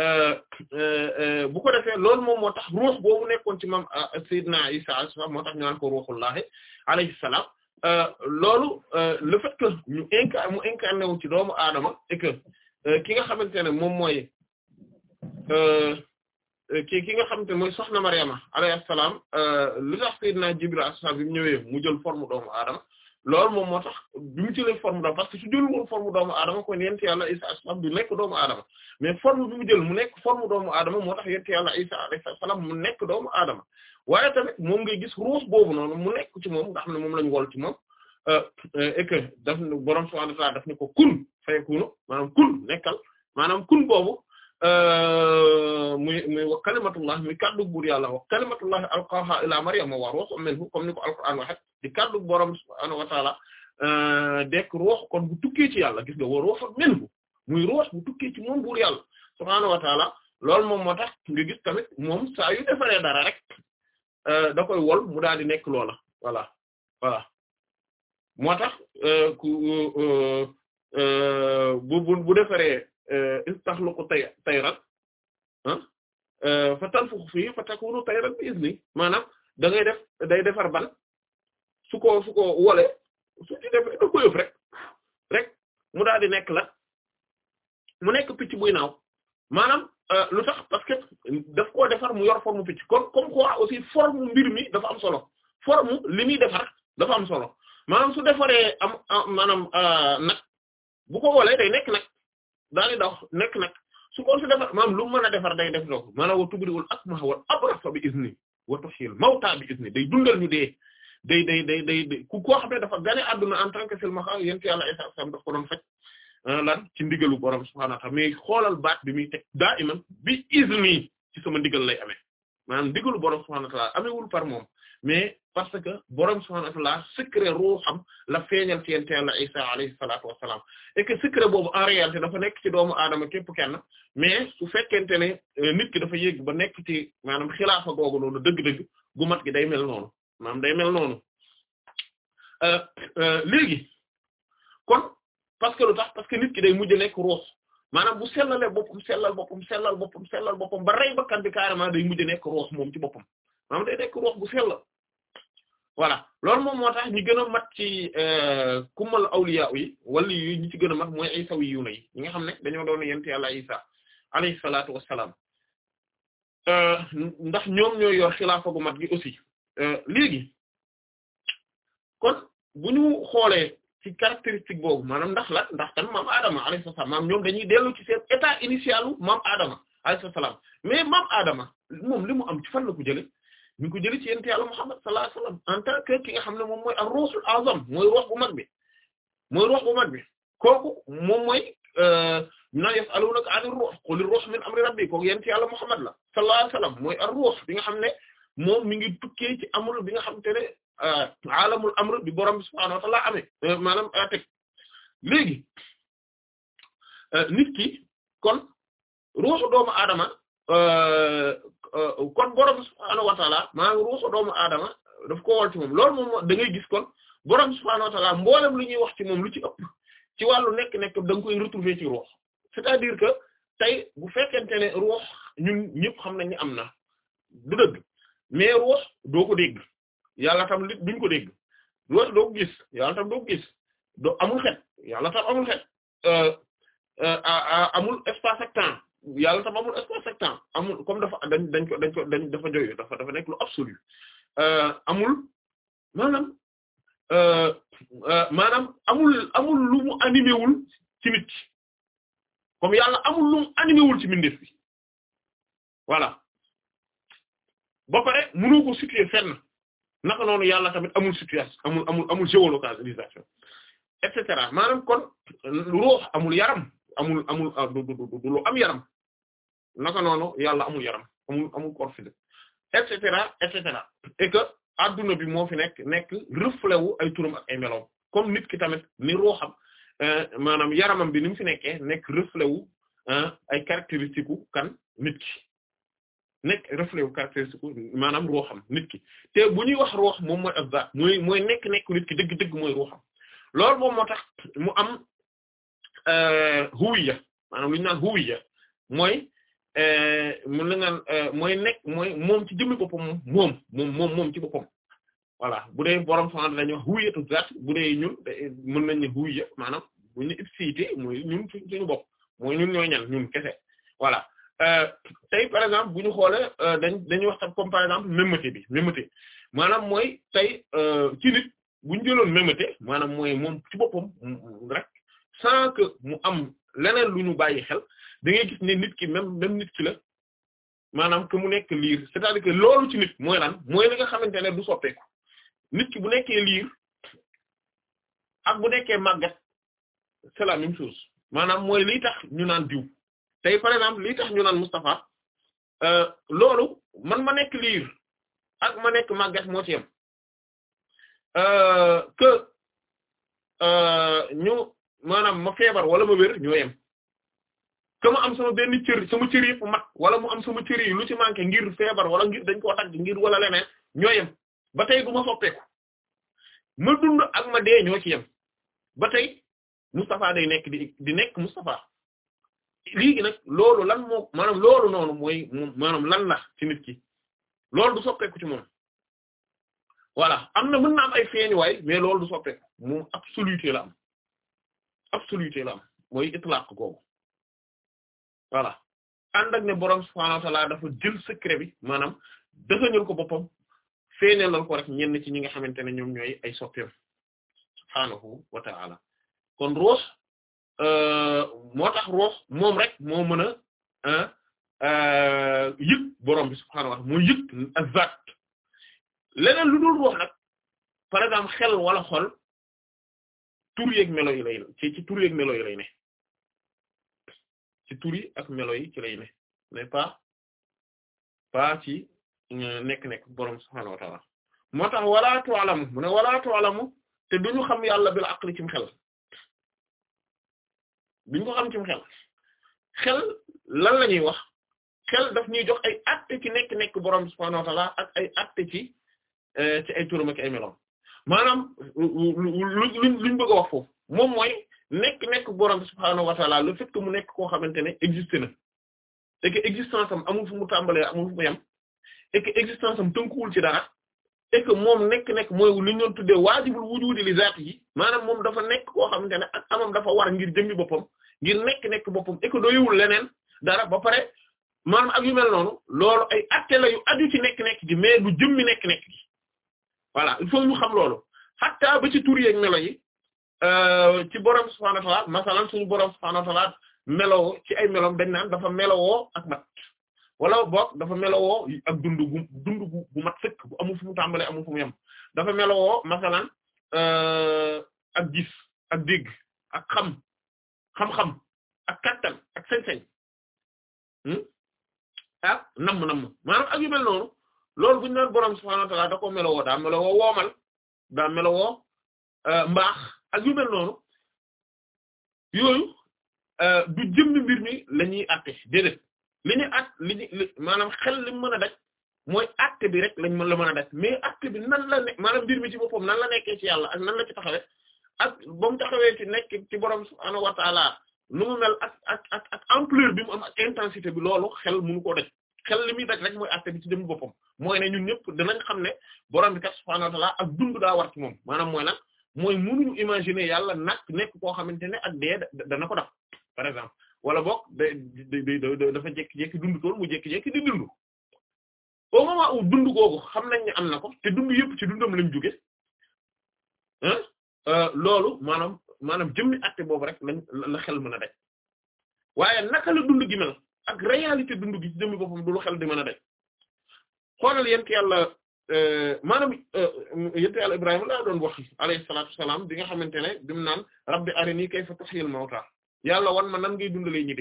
A: Euh, euh, euh, bu ko defee loolu moom moo tax ruux boobu nekkoon ci maam Seydina Isa alayhi salaam moo tax ñu naan ko ruuxullaahi alayhi salaam loolu le fait que ñu inca mu incarné wu ci doomu aadama et ki nga xamante ne moom mooy ki ki nga xamante ne mooy soxna Mariama alayhi salaam li tax Seydina Jibril alayhi salaam bi mu ñëwee mu jël forme doomu aadama loolu moom moo tax bi mu jëlee forme doomu parce que su jël woon forme doomu aadama kon yent yàlla Isa alayhi salaam nekk doomu aadama mais forme bi mu jël mu nekk forme doomu aadama moo tax yent yàlla Isa alayhi salaam mu nekk doomu aadama waaye tamit moom ngay gis ruus boobu noonu mu nekk ci moom nga xam ne moom lañu wol ci moom euh, euh, et que daf borom subhaanahu wa ta'aala daf ne ko kun fayakunu maanaam kun nekkal maanaam kun boobu Euh, muy muy wa kalimatullah mi kaddu buur yàlla kalimatullah alqaaha ila maryama wa ruhun minhu comme ni ko alquran waxe di kaddu borom subhaanahu wa taala euh, dekk ruux kon bu tukkee yàlla gis nga wa ruhun wa taala loolu moom moo tax nga gis tamit moom saa yu defaree dara rek euh, da koy wol mu daal nekk loola voilà moo tax ku bu bu defaree istaxluqu tay tayran ah fa tanfuxu fii fa takunu tayran bi izni maanaam da ngay def day defar ban su ko su ko wole su def da ko rek rek mu daal nekk la mu nekk picc buy naaw maanaam eh, lu tax parce que daf koo defar mu yor forme picc kon comme quoi aussi forme mbir mi dafa am solo forme li muy defar dafa am solo maanaam su defaree am maanaam eh, nag bu ko day nekk nag daal i daw nekk nag su ko defar maanaam lu mu mën a defar day def dox maanaam wa tubri'ul akmaha wal abrasa bi izni wa tuhyil mawta bi izni day dundal ñu dee day day day day ku koo xam ne dafa gane àdduna en tant que silmaxa yent yàlla Isaa sam euh, lan ci ndigalu borom subhaanahu wa xoolal baat bi mi teg daa iman bi izni ci sama ndigal lay amee maanaam ndigalu borom subhaanahu wa ta'aala amewul par moom mais parce que borom subhaanahu wa ta'aala secret ruuxam la feeñal ci yonent Yàlla Isa alayhi salaatu wa salaam et boobu en réalité dafa nekk doomu aadama képp kenn mais su fekkente ne euh, nit ki dafa yéeg ba nekk ci maanaam xilaafa googu noonu dëgg-dëgg gu mat gi day mel noonu maanaam day mel noonu euh, euh, léegi kon parce que lu tax parce que nit ki day mujj nekk ruux. maanaam bu sellale boppam sellal boppam sellal ba bi carrément day mujj nekk roox moom ci boppam maanaam day nekk bu sell voilà loolu moom moo tax ñi gën a mat ci euh, kumal awliya yi wala yu ñi ci gën a mat mooy ay sawi yu na yi ñi nga xam ne dañoo doon yent yàlla isa alayhi salaatu wassalaam euh, ndax ñoom ñooy yor xilaafa gu mat gi aussi euh, léegi kon bu ñu xoolee ci caractéristique boobu maanaam ndax la ndax kan maam Adama alayhi salaam maam ñoom dañuy dellu ci seen état initialu maam Adama alayhi salaam mais maam Adama moom li mu am ci fan la ko jëlee ñu ngi ko jëlee ci yonent Yàlla Muhammad sallallahu alayhi wasallam ki nga xam ne moom mooy ar-ruhul azam mooy ruux bu mag bi mooy ruux bu mag bi kooku moom mooy euh, na yas'alunaka 'anir ruh qulir ruh min amri rabbi kooku yonent Yàlla Muhammad la sallallahu alayhi wasallam mooy ar-ruh bi nga xam ne moom mi ngi tukkee ci bi nga xam te ne euh, alamul amr bi borom euh, nit ki kon ruuxu doomu aadama Euh, kon borom subhaanahu wa taala maanaam ruuxu doomu aadama daf ko wol ci moom loolu moom gis kon borom subhaanahu wa taala mboolem lu ñuy wax ci moom lu ci ëpp ci wàllu nekk-nekk da koy retrouver ci ruux c'est-à-dire que tey bu fekkente ne ruux ñun xam nañ ne am na du dëgg mais ruux doo ko dégg tam li duñ ko dégg ruux gis yàlla tam doo gis doo amul xet yàlla tam amul xet euh, euh, amul espace ak temps. yàlla tam amul espace ak amul comme dafa dañ dañ ko dañ ko dañ dafa joyu dafa dafa nekk lu absolu euh, amul maanaam euh, euh, maanaam amul amul lu mu animé wul ci nit amul lu mu animé wul ci mbindeef voilà ba pare mënoo ko situer fenn naka noonu yàlla tamit amul situation amul amul amul géolocalisation et cetera maanaam kon ruux amul yaram amul amul ah, du du du lu am yaram naka noonu yàlla amul yaram amul amul corps physique et cetera et cetera et que adduna bi moo fi nekk nekk reflet wu ay turam ay meloom comme nit ki tamit ni ruuxam euh, maanaam yaramam bi ni mu fi nekkee nekk reflet euh, ay caractéristiques wu kan nit ki nekk reflet wu caractéristique wu maanaam ruuxam nit ki te bu ñuy wax ruux moom mooy ak zaat mooy mooy nekk nekk nit ki dëgg-dëgg mooy ruuxam loolu moom moo am Euh, huwiya maanaam lu ñu naan huwiya mooy euh, mun na naan euh, mooy nekk mooy moom ci jëmmi boppam moom moom moom moom ci boppam voilà bu dee borom soxna dañuy wax huwiyatu zaat bu dee ñun mën nañ ne huwiya maanaam bu ñu ipséité mooy ñun suñu bopp mooy ñun ñoo ñan ñun kese voilà tey par exemple bu ñu xoolee dañ dañuy wax tam comme par exemple mémété bi mémété maanaam mooy tey ci nit bu ñu jëloon mémété maanaam mooy moom ci boppam rek sans que mu am leneen lu ñu bàyyi xel da ngay gis ne nit ki même même nit ki la maanaam que mu nekk liir c'est-à-dire que loolu ci nit mooy lan mooy li nga xamante ne du soppeeku nit ki bu nekkee liir ak bu nekkee màggat c'est la chose maanaam mooy liy tax ñu naan diw tey par exemple li tax ñu naan Moustapha euh, loolu man ma nekk liir ak ma nekk màggat moo ci yem euh, que euh, ñu maanaam ma feebar wala ma wér ñoo yem que ma am sama benn cër sama cër yëpp mat wala mu am suma cër yi lu ci manqué ngir feebar wala ngir dañ koo tagg ngir wala leneen ñoo yem ba tey du ma soppeeku ma dund ak ma dee ñoo ci yem ba tey Moustapha day nekk di di nekk Moustapha léegi na loolu lan moo maanaam loolu noonu mooy maanaam lan la ci nit ki loolu du soppeeku ci moom voilà am na mën na am ay feeñuwaay mais loolu du soppeeku moom absoluté la am. absoluté la am mooy itlaq googu voilà ànd ak ne boroom subhaanahu wa ta'aala dafa jël secret bi maanaam dëxëñal ko boppam feeñalal ko rek ñenn ci ñi nga xamante ne ñoom ñooy ay soppeem subhaanahu wa ta'aala kon ruux euh, moo tax ruux moom rek moo mën a borom euh, boroom bi subhaanahu wa ta'aala moo yëg azat leneen lu dul par exemple xel wala xol tur yeeg melo yi lay ci tur yeeg melo yi lay ne ci tur ak melo yi ci lay ne mais pas pas ci euh, nekk-nekk boroom subhaanahu wa ta'aala moo tax wala tu'lamu mu ne wala tu'lamu te duñu xam yàlla bil aqli cim xel duñu ko xam cim xel xel lan la ñuy wax xel daf ñuy jox ay àtte ci nekk-nekk boroom subhaanahu wa ta'aala ak ay àtte ci euh, ci ay turam ak ay meloom maanaam luñ luñ bëgg a wax foofu moom mooy nekk nekk borom subhaanahu wa taala le fait que mu nekk koo xamante ne existé na et que existence am amul fu mu tàmbalee amul fu mu yem et que existence am tënkuwul ci dara et que moom nekk nekk mooy li ñu doon tuddee waajibul wujuudi li zaati yi maanaam moom dafa nekk koo xamante ne ak amam dafa war ngir jëmmi boppam ngir nekk nekk boppam et que doyewul leneen dara ba pare maanaam ak yu mel noonu loolu ay acte la yu aju ci nekk nekk gi mais du jëmmi nekk nekk gi voilà il faut ñu xam loolu xatta ba ci tur yeeg melo yi euh, ci borom subhaanahu wa ta'aala masalan suñu borom ci ay melo dañ naan dafa melowoo ak mat wala boog dafa melowoo ak dund gu dund gu mat sëkk bu amul fu mu tàmbalee amul fu mu yem dafa melowoo masalan euh, ak gis ak dégg ak xam xam-xam ak kattan ak sañ-sañ hmm? ah namm namm maanaam ak yu mel loolu bu ñu naan borom subhaanahu wa ta'aala da ko melowoo daa melowoo woomal daa melowoo euh, mbaax ak yu mel noonu yooyu euh, du jëmmi mbir mi la ñuy àtte déedéet li ñu at li maanaam xel li mu mën a daj mooy àtte bi rek lañ mën la mën a daj mais àtte bi nan la ne maanaam mbir mi ci boppam nan la nekkee ci yàlla ak nan la ci taxawee ak ba mu taxawee ci nekk ci borom subhaanahu wa ta'aala nu mu mel ak ak ak ak bi mu am ak intensité bi loolu xel mënu koo xel li muy daj rek mooy atte bi ci jëm boppam mooy ne ñun ñëpp danañ xam ne borom bi kat subhaanahu wa ta'ala ak dund daa war ci moom maanaam mooy lan mooy mënuñu imaginer yàlla nag nekk koo xamante ne ak dee dana ko def par exemple wala boog da day dafa jékki-jékki dund tool mu jékki-jékki di dund au moment où dund googu xam nañ ne am na ko te dund yëpp ci dundam lañ jóge ah loolu maanaam maanaam jëmmi atte boobu rek lañ la xel ma a daj waaye naka la dund gi ak réalité dund gi ci jëmmi du lu xel di mën a daj xoolal yent yàlla euh, maanaam euh, yent yàlla Ibrahima laa doon wax alayhi salaatu wassalaam bi nga xamante ne bi mu naan rabbi arini kayfa tuhyil mawta yàlla wan ma nan ngay dundalee ñi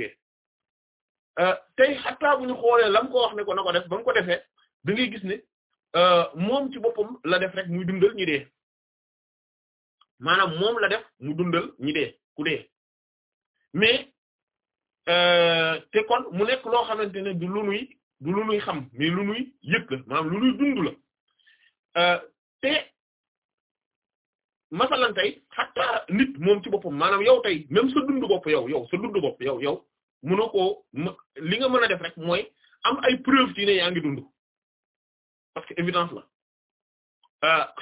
A: euh, tey xataa bu ñu xoolee lam ko wax ne ko na ko def ko defee da ngay gis ne moom ci boppam la def rek muy dundal ñi dee maanaam la def mu dundal ñi dee mais Euh, te kon mu nekk loo xamante ne du lu nuy du lu nuy xam mais lu nuy yëg la maanaam lu nuy dund la euh, te masalan tey xataa nit moom ci boppam maanaam yow tey même sa dund bopp yow yow sa dund bopp yow yow mënoo koo li nga mën a def rek mooy am ay preuve ci ne yaa ngi dund parce que évidence la ah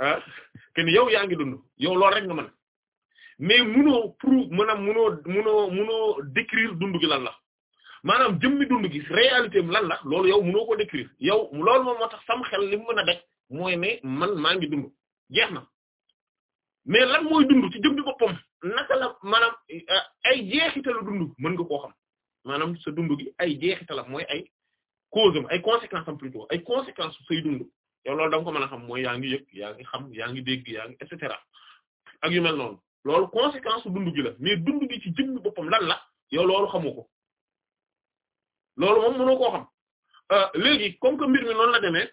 A: ah <laughs> que ni yow yaa ngi dund yow loolu rek nga mais munoo prouve maanaam munoo munoo munoo décrire dund gi lan la maanaam jëmmi dund gi réalité bi lan la loolu yow munoo ko décrire yow loolu moom moo tax sam xel li mu mën a def mooy ne man maa ngi dund jeex na mais lan mooy dund ci jëmmi boppam naka la maanaam euh, ay jeexitalu dund mën nga koo xam maanaam sa dund gi ay jeexitalam mooy ay cause am ay conséquences am plutôt ay conséquences say dund yow loolu da ko mën a xam mooy yaa ngi yëg yaa ngi xam yaa ngi dégg yaa ngi et ak yu mel noonu. loolu conséquence su dund la mais dund gi ci jëmmi boppam lan la yow loolu xamoo ko loolu moom mënoo koo xam euh, léegi comme que mbir mi noonu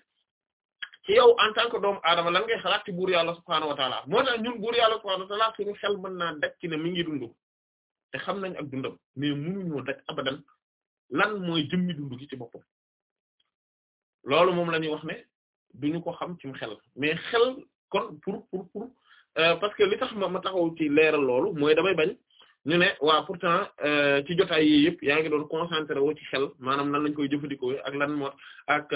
A: yow en tant que doomu aadama lan ngay xalaat ci buur yàlla subhaanahu wa taala moo tax ñun buur yàlla subhaanahu wa taala suñu xel mën naa daj ci ne mi ngi dund te xam nañ ak dundam mais mënuñoo daj abadan lan mooy jëmmi dund ci boppam loolu moom la wax ne duñu ko xam ci xel mais xel kon pour pour Euh, parce que li tax ma ma taxaw ci leeral loolu mooy damay bañ ñu ne waa pourtant euh, ci jotaay yi yëpp yaa ngi doon concentré woo ci xel maanaam nan lañ koy jëfandikoo ak lan moo ak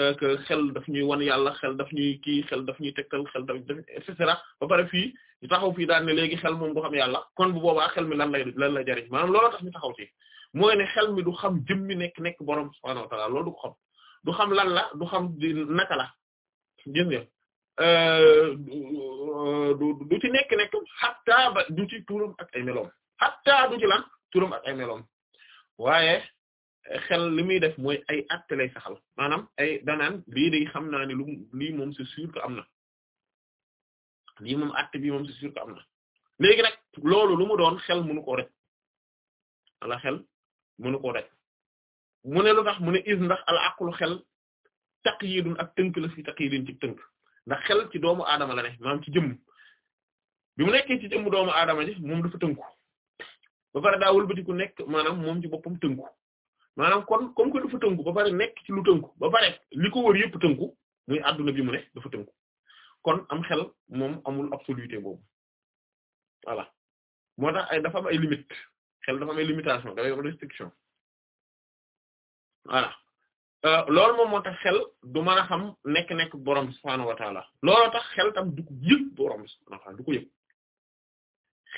A: xel daf ñuy wan yàlla xel daf ñuy kii xel daf ñuy tegtal xel daf et cetera ba pare fii ñu taxaw fii daan ne léegi xel moom du xam yàlla kon bu boobaa xel mi lan lay lan lay jariñ maanaam looloo tax ñu taxaw ci mooy ne xel mi du xam jëm mi nekk nekk borom subhaanahu wa ta'aala loolu du ko xam du xam lan la du xam naka la gis Euh, du ci nekk nekk xattaa ba du ci turam ak ay meloom du ci lan turam ak ay meloom waaye xel li muy def mooy ay actes lay saxal maanaam ay danaan lii day xam naa ne lu lii moom c'est am na lii moom acte bi moom c'est sûr am na léegi nag loolu lu mu doon xel mënu koo rek wala xel mënu koo rek mu ne lu tax mu ne is ndax al aqlu xel taqyidun ak tënk la fi taqyidin ci tënk ndax xel ci doomu aadama la ne maanaam ci jëmm bi mu nekkee ci jëmm doomu aadama ji moom dafa tënku ba pare daa wëlbati ku nekk maanaam moom ci boppam tënku maanaam kon comme que dafa tënku ba pare nekk ci lu tënku ba pare li ko wër yëpp tënku muy adduna bi ne dafa tënku kon am xel moom amul absoluté boobu voilà moo tax ay dafa am ay limite xel dafa am ay limitation dafa Euh, loolu moom moo xel du mën xam nekk-nekk borom bi subhaanahu wa taala looloo tax xel tam du ko yëg borom bi subhaanahu wa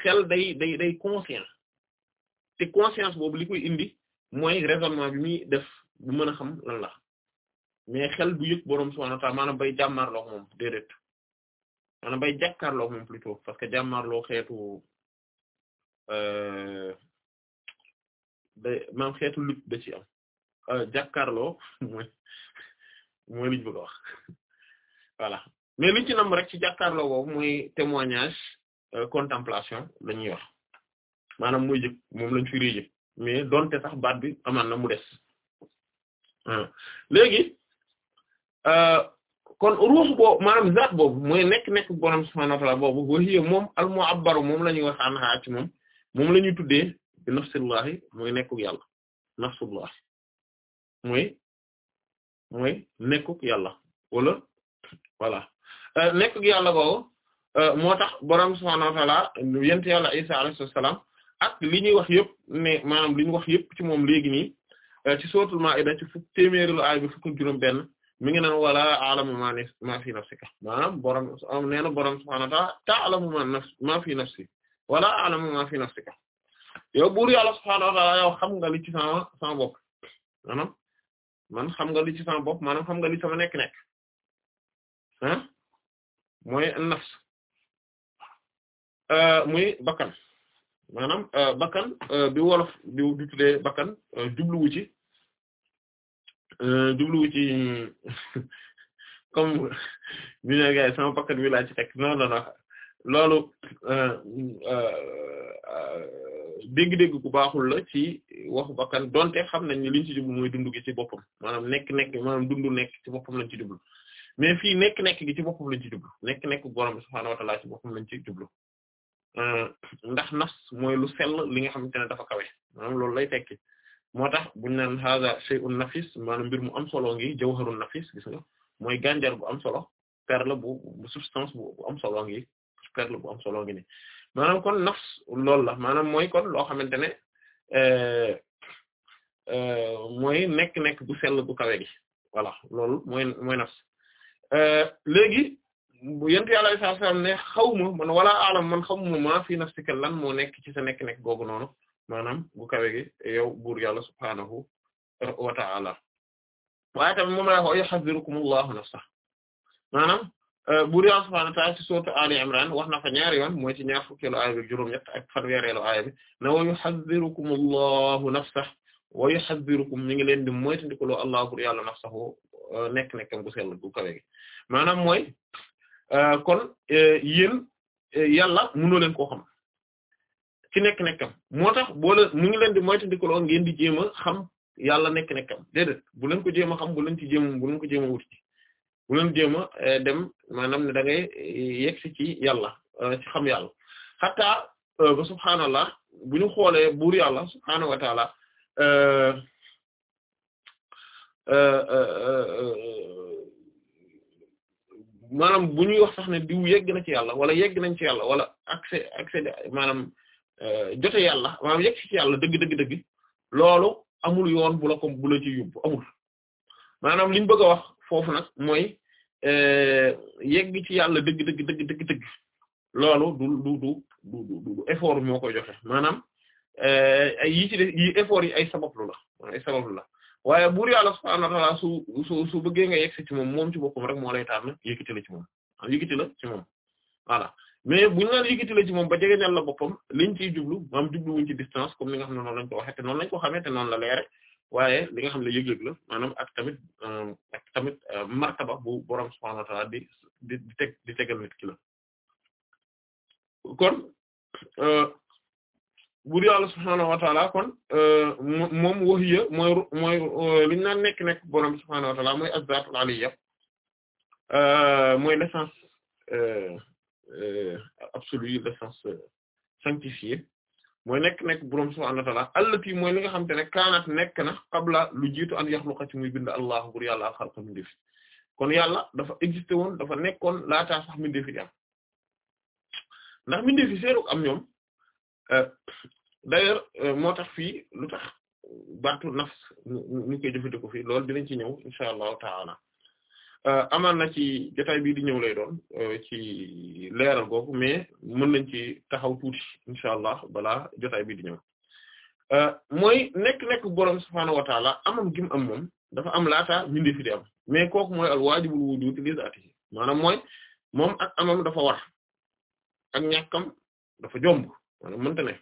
A: xel day day conscience te conscience boobu li indi mooy raisonnement bi muy def bu mën a xam lan mais xel du yëg borom subhaanahu wa taala maanaam bay jàmmarloo moom déedéet maanaam bay jàkkaarloo moom plutôt parce que jàmmarloo xeetu day euh, maanaam xeetu lutte da ci am. Euh, jàkkaarloo <laughs> mooy mooy liñ bëgg wax <laughs> voilà mais liñ ci nam rek ci jàkkaarloo boobu mooy témoignage euh, contemplation lañuy wax maanaam mooy jëkk moom lañ firee jëkk mais donte sax baat bi amaan na mu des léegi euh, kon ruux boobu maanaam zaat boobu mooy nekk nekk borom subhaanahu boobu wa moom al mu'abbaru moom la ñuy wax anha moom moom la ñuy tuddee bi nafsillahi mooy nekku yàlla nafsullahi muy muy nekkuk yàlla wala voilà euh, nekkuk yàlla boobu euh, moo tax borom subhaanahu wa ta'aala yent yàlla Isa alayhi salaam ak li ñuy wax yëpp ne maanaam li wax yëpp ci moom léegi nii euh, ci sootul Maa'ida ci fukk téeméeri lu aay bi fukk juróom-benn mi ngi naan wala a'lamu maa ne maa fi nafsika maanaam borom nee na borom subhaanahu wa ta'aala ta'lamu maa naf fi nafsi wala a'lamu maa fi nafsika yow buur yàlla subhaanahu wa ta'aala yow xam nga li ci sama man xam nga li ci sama bopp maanaam xam nga li sama nekk-nekk ah mooy nafs euh, muy bakan maanaam euh, bakkan euh, bi wolof di di tuddee bakkan jubluwu ci jubluwu ci <laughs> comme <laughs> ñu ne gars yi sama bakkan bi laa ci teg non non loolu euh, euh, euh, dégg-dégg bu baaxul la ci waxu bakkan donte xam nañ ni liñ ci jublu mooy dund gi ci boppam maanaam nekk-nekk maanaam dund nekk ci boppam lañ ci jublu mais fii nekk-nekk gi ci boppam lañ ci jublu nekk-nekk borom subhaanahu wa ta'aala ci boppam lañ ci jublu ndax nas mooy lu sell li nga xamante ne dafa kawe maanaam loolu lay tekki moo tax buñu naan haza shay'un nafis maanaam mbir mu am solo ngi jawharun nafis gis nga mooy gànjar bu am solo perle bu substance bu am solo ngi perle bu am solo ngi ni maanaam kon nafs loolu la maanaam mooy kon loo xamante ne euh, euh, mooy nekk-nekk bu sell bu kawe gi voilà loolu mooy mooy nafs euh, léegi yent yàlla sallallahu alayhi wasallam ne xawma man wala alam man xamuma ma fi nafsika lan moo nekk ci sa nekk-nekk googu noonu maanaam bu kawe gi yow buur yàlla subhaanahu wa ta'ala waaye tamit moom laa ko yahzirukumullahu nafsa maanaam Euh, buur yàlla subhaanahu a ta'aala ci Ali Imran wax na fa ñaari yoon mooy ci ñaar fukkeelu aaya bi juróom-ñett ak fanweereelu aaya na wa yuhadhirukumu Allahu nafsahu wa yuhadhirukum mi ngi leen di moytandikuloo Allah buur yàlla nafsahu euh, nekk nekkam gu sell gu kawe gi maanaam mooy euh, kon yéen yàlla mënoo leen koo xam ci nekk nekkam moo tax boo leen mu ngi leen di moytandikuloo ngeen di jéem xam yàlla nekk nekkam déedéet bu leen ko jéem a xam bu leen ci jéem bu ko jéem a bu leen jéem eh, dem maanaam ne da eh, yegsi ci yàlla eh, ci xam yàlla xataa ba subhaanallah bu ñu xoolee buur yàlla subhaanahu wa taala maanaam bu ñuy wax sax ne diw yegg na ci yàlla wala yegg nañ ci yàlla wala accès accès maanaam jote yàlla maanaam yegg ci yàlla dëgg dëgg loolu amul yoon bula la ko ci yóbbu amul maanaam liñ bëgg wax foofu nag mooy euh, yegg ci yàlla dëgg dëgg dëgg dëgg dëgg du du du du du effort moo koy joxe maanaam euh, ay yi ci yi effort yi ay sabablu la ay sabablu la waaye buur yàlla subhaanahu su su su bëggee nga yegg ci moom moom ci boppam rek moo lay tànn yëkkati la ci moom ah, yëkkati la ci moom voilà mais bu ñu naan yëkkati la ci moom ba jege ñal la boppam liñ ciy jublu maam jublu wuñ ci distance comme ni nga xam ne noonu lañ ko waxee te noonu lañ ko xamee la leere waaye li nga xam ne yëg-yëg la maanaam ak tamit euh, euh, martaba bu borom subhaanahu wa ta'aala di di nit ki kon euh, buur yàlla subhaanahu kon moom wahiya mooy mooy li ñu naan nekk nekk borom subhaanahu wa ta'aala mooy az-zaatul aliyya mooy mooy nekk nekk boroom subhaanahu la ta'aala allati mooy li nga xamante ne kaanat nekk na qabla lu jiitu an yaxluqa ci muy bind allah bur yàlla alxalqa mbindeef kon yàlla dafa existé woon dafa nekkoon laataa sax mbindeef di am ndax mbindeef yi seeru am ñoom euh, d'ailleurs euh, moo tax fii lu tax baatu nafs ñu koy jëfandikoo fii loolu dinañ ci ñëw insha allahu taala Euh, amaan na ci jotaay bii di ñëw lay doon euh, ci leeral googu mais mën nañ ci taxaw tuuti incha allah balaa jotaay bii di ñëw euh, mooy nekk-nekk boroom subhaanahu wa taala amam gim am moom dafa am laata mindi fi di am mais kooku mooy al waajibul wujuud li zaatihi maanaam mooy moom ak amam dafa war ak ñàkkam dafa jomb maanaam mënta ne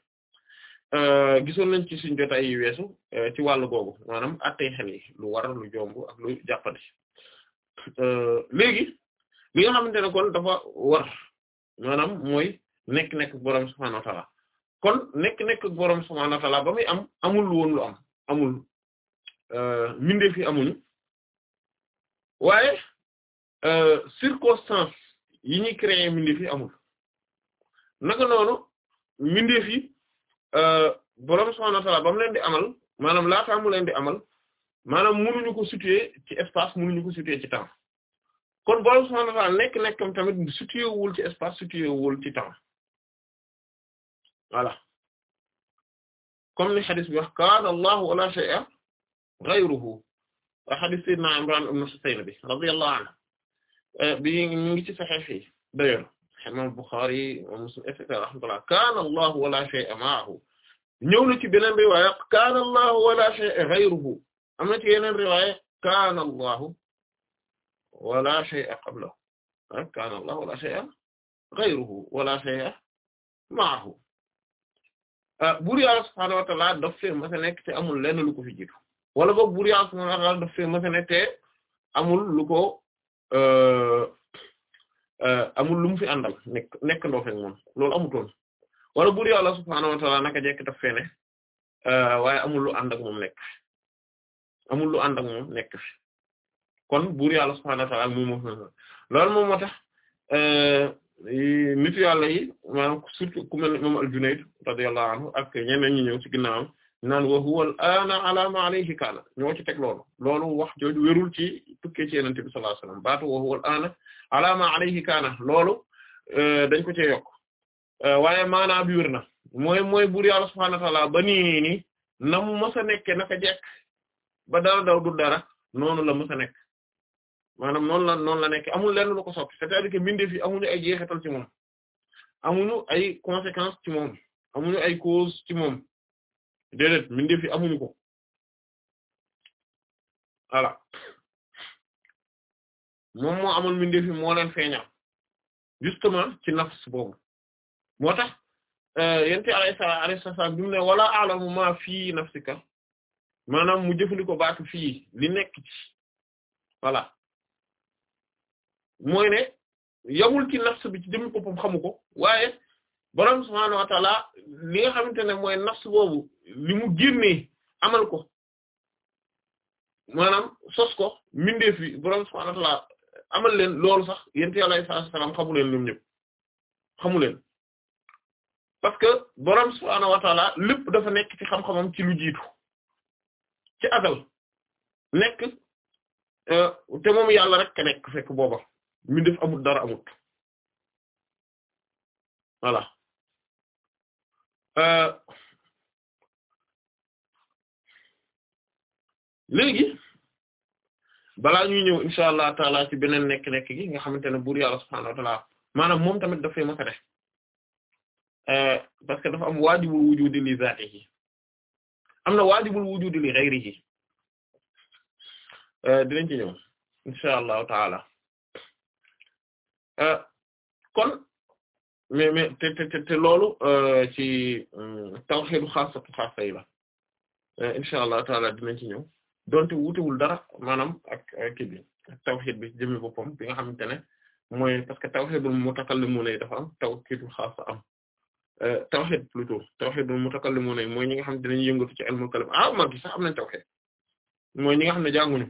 A: gisoon nañ ci suñ jotaay yi weesu ci wàllu googu maanaam attey xel lu war lu jomb ak lu jàppandi Euh, léegi li nga xamante ne kon dafa war maanaam mooy nekk-nekk boroom subhaanahu wa kon nekk-nekk boroom subhaanahu wa ta'aala am amul woon lu am amul euh, mbindeef yi amuñu waaye euh, circonstance yi ñuy créer mbindeef yi amul naka noonu mbindeef yi boroom subhaanahu wa ta'aala ba mu leen di amal maanaam laataa mu amal maanaam mënuñu ko ko situer ci temps kon borom subhaanahu wa ta'aala nekk nekkam tamit situé wul ci temps voilà comme ni xadis bi wax kaana Allahu wa laa shay'a ghayruhu wa xadis Seydina Imraan ibn Husayn bi radiyallahu anhu eh, bi ngi ci saxiix yi d'ailleurs imaam Muslim et cetera kaana Allahu wa laa shay'a ma'ahu ñëw na ci beneen bi waaye kaana Allahu wa laa shay'a ghayruhu am na ci yeneen riwaaya wala shay'a qablahu ah, kaana wala shay'a ghayruhu wala shay'a ma'ahu ah, buur yàlla subhaanahu wa ta'aala daf fee mës a nekk te amul lenn lu ko fi jiitu wala boog buur yàlla subhaanahu wa ta'aala daf fee mës a nekk te amul lu ko ah, amul fi àndal nekk nekk ndoo fekk moom loolu amutoon wala buur yàlla subhaanahu wa ta'aala naka jekk daf fee ne waaye amul lu ànd ak amul lu ànd ak moom nekk fi kon buur yàlla subhaanahu wa ta'aala moom moo fi loolu moom euh, surtout ku mel ne moom al-Junayd radiyallahu anhu ak ñeneen ñi ñëw ci ginnaawam naan alayhi kaana ñoo ci teg loolu loolu wax jooju wérul ci tukkee ci Yonent bi sallallahu alayhi wasallam baatu wa huwa al-aana ala ma alayhi kaana euh, ko cee yokk euh, waaye maanaam bi wér na mooy mooy buur yàlla subhaanahu wa na mu mës naka jekk ba dara daw du dara noonu la mës nekk maanaam noonu la noonu la nekk amul lenn lu ko soppi c'est-à-dire que mbindeef yi amuñu ay jeexital ci moom amuñu ay conséquences ci moom amuñu ay causes ci moom déedéet mbindeef ko voilà moom moo amul mbindeef yi moo leen feeñal justement ci nafs boobu moo tax euh, yonent alayhi salaam bi mu ne wala a'lamu ma fi nafsika maanaam mu jëfandikoo baatu fii li nekk ci voilà mooy ne yamul ci nafs bi ci jëmmi boppam xamu ko waaye borom subhaanahu wa ta'ala nga xamante ne mooy nafs boobu li mu génnee amal ko manam sos ko mbindeef bi borom subhaanahu wa amal leen lool sax yonent Yàlla sallallahu alayhi wasallam xamu leen ñoom ñëpp xamu leen parce que borom subhaanahu wa ta'ala lépp dafa nekk ci xam-xamam ci lu jiitu. ci azal nekk euh, te moom yàlla rek ka nekk fekk booba mi def amut dara amut voilà euh, léegi balaa ñuy ñëw insha allah taala ci beneen nekk-nekk gi nga xamante ne buur yàlla subhaanahu wa taala maanaam moom tamit dafay masa def euh, parce que dafa am waajibul wujudi li zaatihi am na waajibul wujudi li ghayrihi euh, dinañ ci ñëw insha allahu taala euh, kon mais mais te te te loolu euh, ci taw xaasatu xaasa yi la insha allah taala dinañ ci ñëw donte wutewul dara maanaam ak kii bi tawxid bi jëmmi boppam bi nga xamante ne mooy parce que tawxidul mutakallimuna yi dafa am tawxidu xaasa am Euh, tawhid plutôt tawhid moom mutakallimuna mooy ñi nga xam ne dinañ yëngatu ci ilmul kalam ah mag yi sax am nañ mooy ñi nga xam ne jànguñu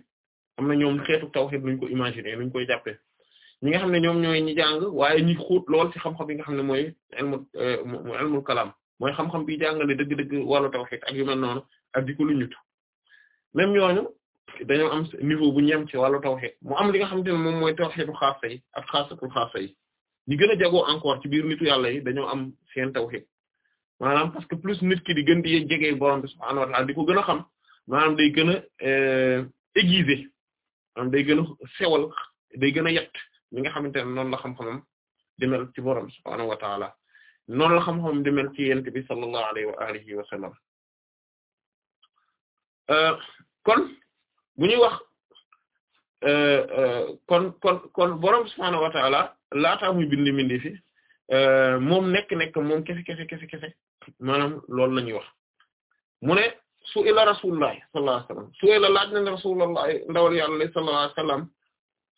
A: am na ñoom xeetu tawhid luñ ko imaginer luñ koy jàppee ñi nga xam ne ñoom ñooy ñi jàng waaye ñi xóot lool ci xam-xam yi nga xam ne mooy ilmul euh, ilmul kalam mooy xam-xam bi jàngale dëgg-dëgg wàllu tawhid ak yu mel noonu ak di ko ñut même ñooñu dañoo am niveau bu ñem ci wàllu tawhid mu am li nga xam te ne moom mooy tawhidu xaasa yi ak xaasatul xaasa yi ñi gën a jagoo encore ci biir nitu yàlla yi dañoo am seen tawhid maanaam parce que plus nit ki di gën di jege borom bi subhaanahu wa ta'aala di ko gën a xam maanam day gën a euh, aiguiser maanaam day gën sewal day gën a yett mi nga xamante ne noonu la xam-xamam di ci borom bi subhaanahu wa ta'aala noonu la xam-xamam di mel ci yent bi sallallahu alayhi wa alihi wa sallam euh, kon bu ñuy wax Euh, euh, kon kon kon borom subhaanahu wa ta'ala laataa muy bind mindi fi euh, moom nekk nekk moom kese kese kese kese maanaam loolu la ñuy wax mu ne su ila rasulullah sallallahu alayhi wasallam su ila laaj na rasulullah ndawal yàlla sallallahu alayhi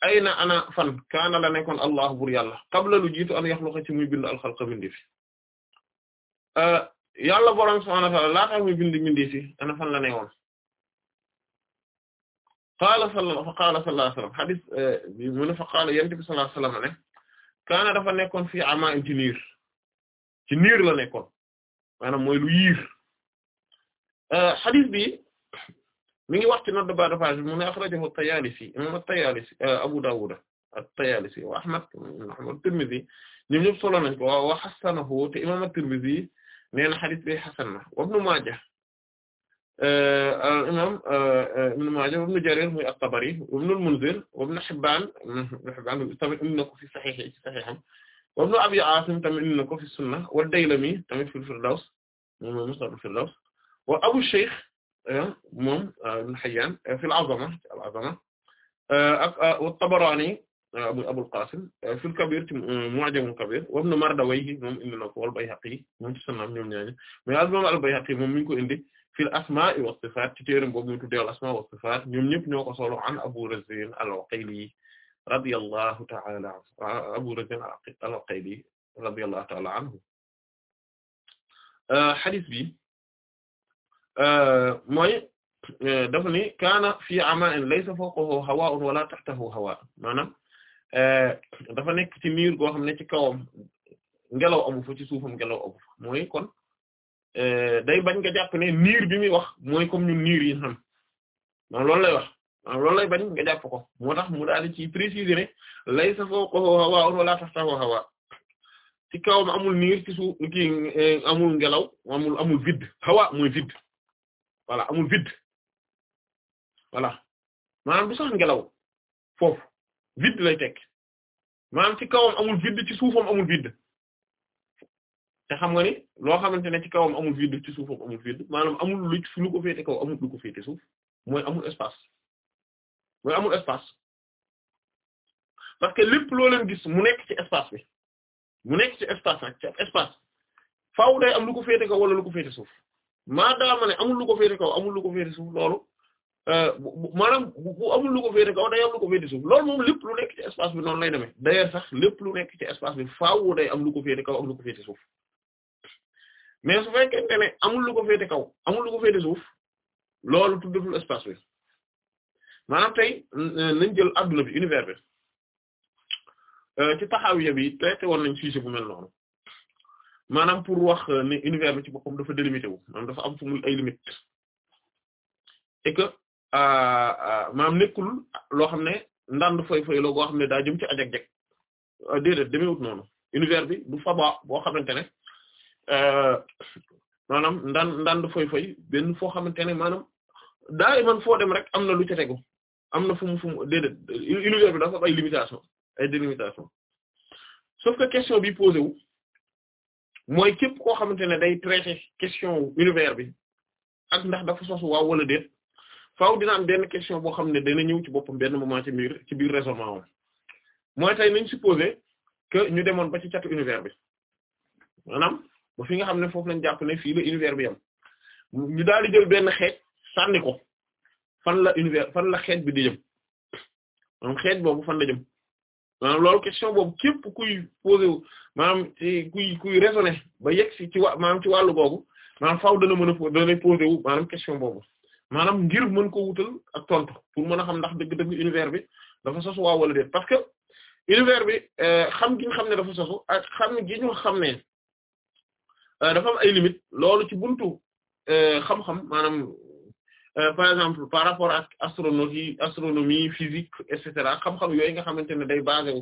A: ayna ana fan kaana la nekkoon allah bur yàlla qabla lu jiitu an yaxluqa ci muy bind alxalqa mindi fi yàlla borom subhaanahu wa ta'ala laataa muy bind mindi ana fan la ne qaala salla fa qaala sallallahu alayhi wa sallam xadis bi mu ne fa qaala yonent bi sallallahu alayhi wa sallam ne kaana dafa nekkoon fii amaa ci niir ci niir la nekkoon maanaam mooy lu yiir xadis bi mi ngi wax ci note de bas de page bi mu ne axrajahu at-Tayaalisi imaam at-Tayaalisi Abu Daawuud at-Tayaalisi wa Ahmad ibn Hanbal at-Tirmidhi ñoom ñëpp solo nañ ko wa xasanahu te imaam at-Tirmidhi nee na xadis bi xasan na wa Ibnu Maaja al imam ibn Maaja ibn Jarir muy at-Tabari ibn al-Munzir ibn Hibbaan ibn Hibbaan tamit indi na ko fi saxiix ci saxiixam ibn Abi Aasim tamit indi na ko fi sunna wa Daylami tamit fi al-Firdaws moom mooy Musnad al-Firdaws wa Abu Shaykh moom ibn Hayyaan fi al-Azama ci al-Azama ak wa at-Tabaraani muy Abul Qaasim fi al-Kabiir ci Mu'jam al-Kabiir wa ibn Mardawayh moom indi na ko wal Bayhaqi moom ci sunna ñoom ñaari mais al-Bayhaqi moom mi ngi ko indi fil asma'i was sifat ci téeram boobu ñu tuddee al asma was sifat ñoom ñëpp ñoo ko solo an Abu Razin al-Uqayli radiyallahu ta'ala anhu Abu Razin al-Uqayli radiyallahu ta'ala anhu euh, hadith bi euh, mooy euh, dafa ni kaana fi ama'in laysa fawqahu hawa'un wala tahtahu hawa'un maanaam dafa nekk ci miir goo xam ne ci kawam ngelaw amu fa ci suufam ngelaw amu fa mooy kon Euh, day bañ nga jàpp ne niir bi muy wax mooy comme ñun niir yi xam maanaam lay wax maanaam loolu lay bañ nga jàpp ko moo tax mu daal di ci préciser ne laysa fawqahu hawaa'un wa laa tahtahu hawaa'un ci kawam amul niir ci suuf kii eh, amul ngelaw amul amul vide hawa mooy vide amul vide voilà maanaam du ngelaw foofu vide lay tekk maanaam ci kawam amul vide ci suufam amul vide te xam nga ni loo xamante ne ci kawam amul vide ci suufam amul vide maanaam amul lu lu ko féete kaw amul lu ko suuf mooy amul espace mooy amul espace parce que lépp loo leen gis mu nekk ci espace bi mu nekk ci espace faaw day am lu ko féete kaw wala lu ko féete suuf maadaama ne amul lu ko féete kaw ko féete suuf loolu maanaam am lu ko féete suuf loolu moom lépp lu nekk ci espace bi noonu lay demee d'ailleurs sax lépp lu nekk ci espace faaw day am lu ko féete kaw am lu ko suuf. mais su fekkente ne amul lu ko féete kaw amul lu ko féete suuf loolu tuddatul espace bi maanaam tey euh, nañ jël adduna bi univers bi euh, ci taxawiya bi traité woon nañ sujet bu mel noonu maanaam pour wax euh, ne univers bi ci boppam dafa délimité wu maanaam dafa am fu mu ay limites et que maanaam nekkul loo xam ne ndànd fay fay la goo xam ne daa jëm ci ajak-jak déedéet demeewut noonu univers bi du faba boo xamante ne Euh, maanaam ndan ndand foy foy benn foo xamante ne maanaam daa man foo dem rek am na lu ca tegu am na fu mu fu mu déedéet univers bi dafa limitation sauf que question bi posé mooy képp koo xamante ne day traité question univers bi ak ndax dafa sosu waaw wala déet faaw dina am benn question boo xam ne dana ñëw ci boppam benn moment ci biir ci biir raisonnement am mooy tey nañ supposé que ñu demoon ba ci univers bi maanaam ba fi nga xam ne foofu lañ jàpp ne fii la univers bi yam ñu daal di jël benn xeet sànni ko fan la univers fan la xeet bi di jëm maanaam xeet boobu fan la jëm maanaam loolu question boobu képp kuy posé wu maanaam kuy kuy ne ba yegg si ci wa maanaam ci wàllu googu maanaam faaw dana mën a dana posé wu maanaam question boobu maanaam ngir mën ko wutal ak tontu pour mën a xam ndax dëgg-dëgg univers bi dafa sosu waa wala déet parce que univers bi euh, xam gi ñu xam ne dafa sosu ak xam gi ñu xam ne Euh, dafa am ay limites loolu ci buntu euh, xam-xam maanaam euh, par exemple par rapport ak astronomie astronomie physique et cetera xam-xam yooyu nga xamante ne day basé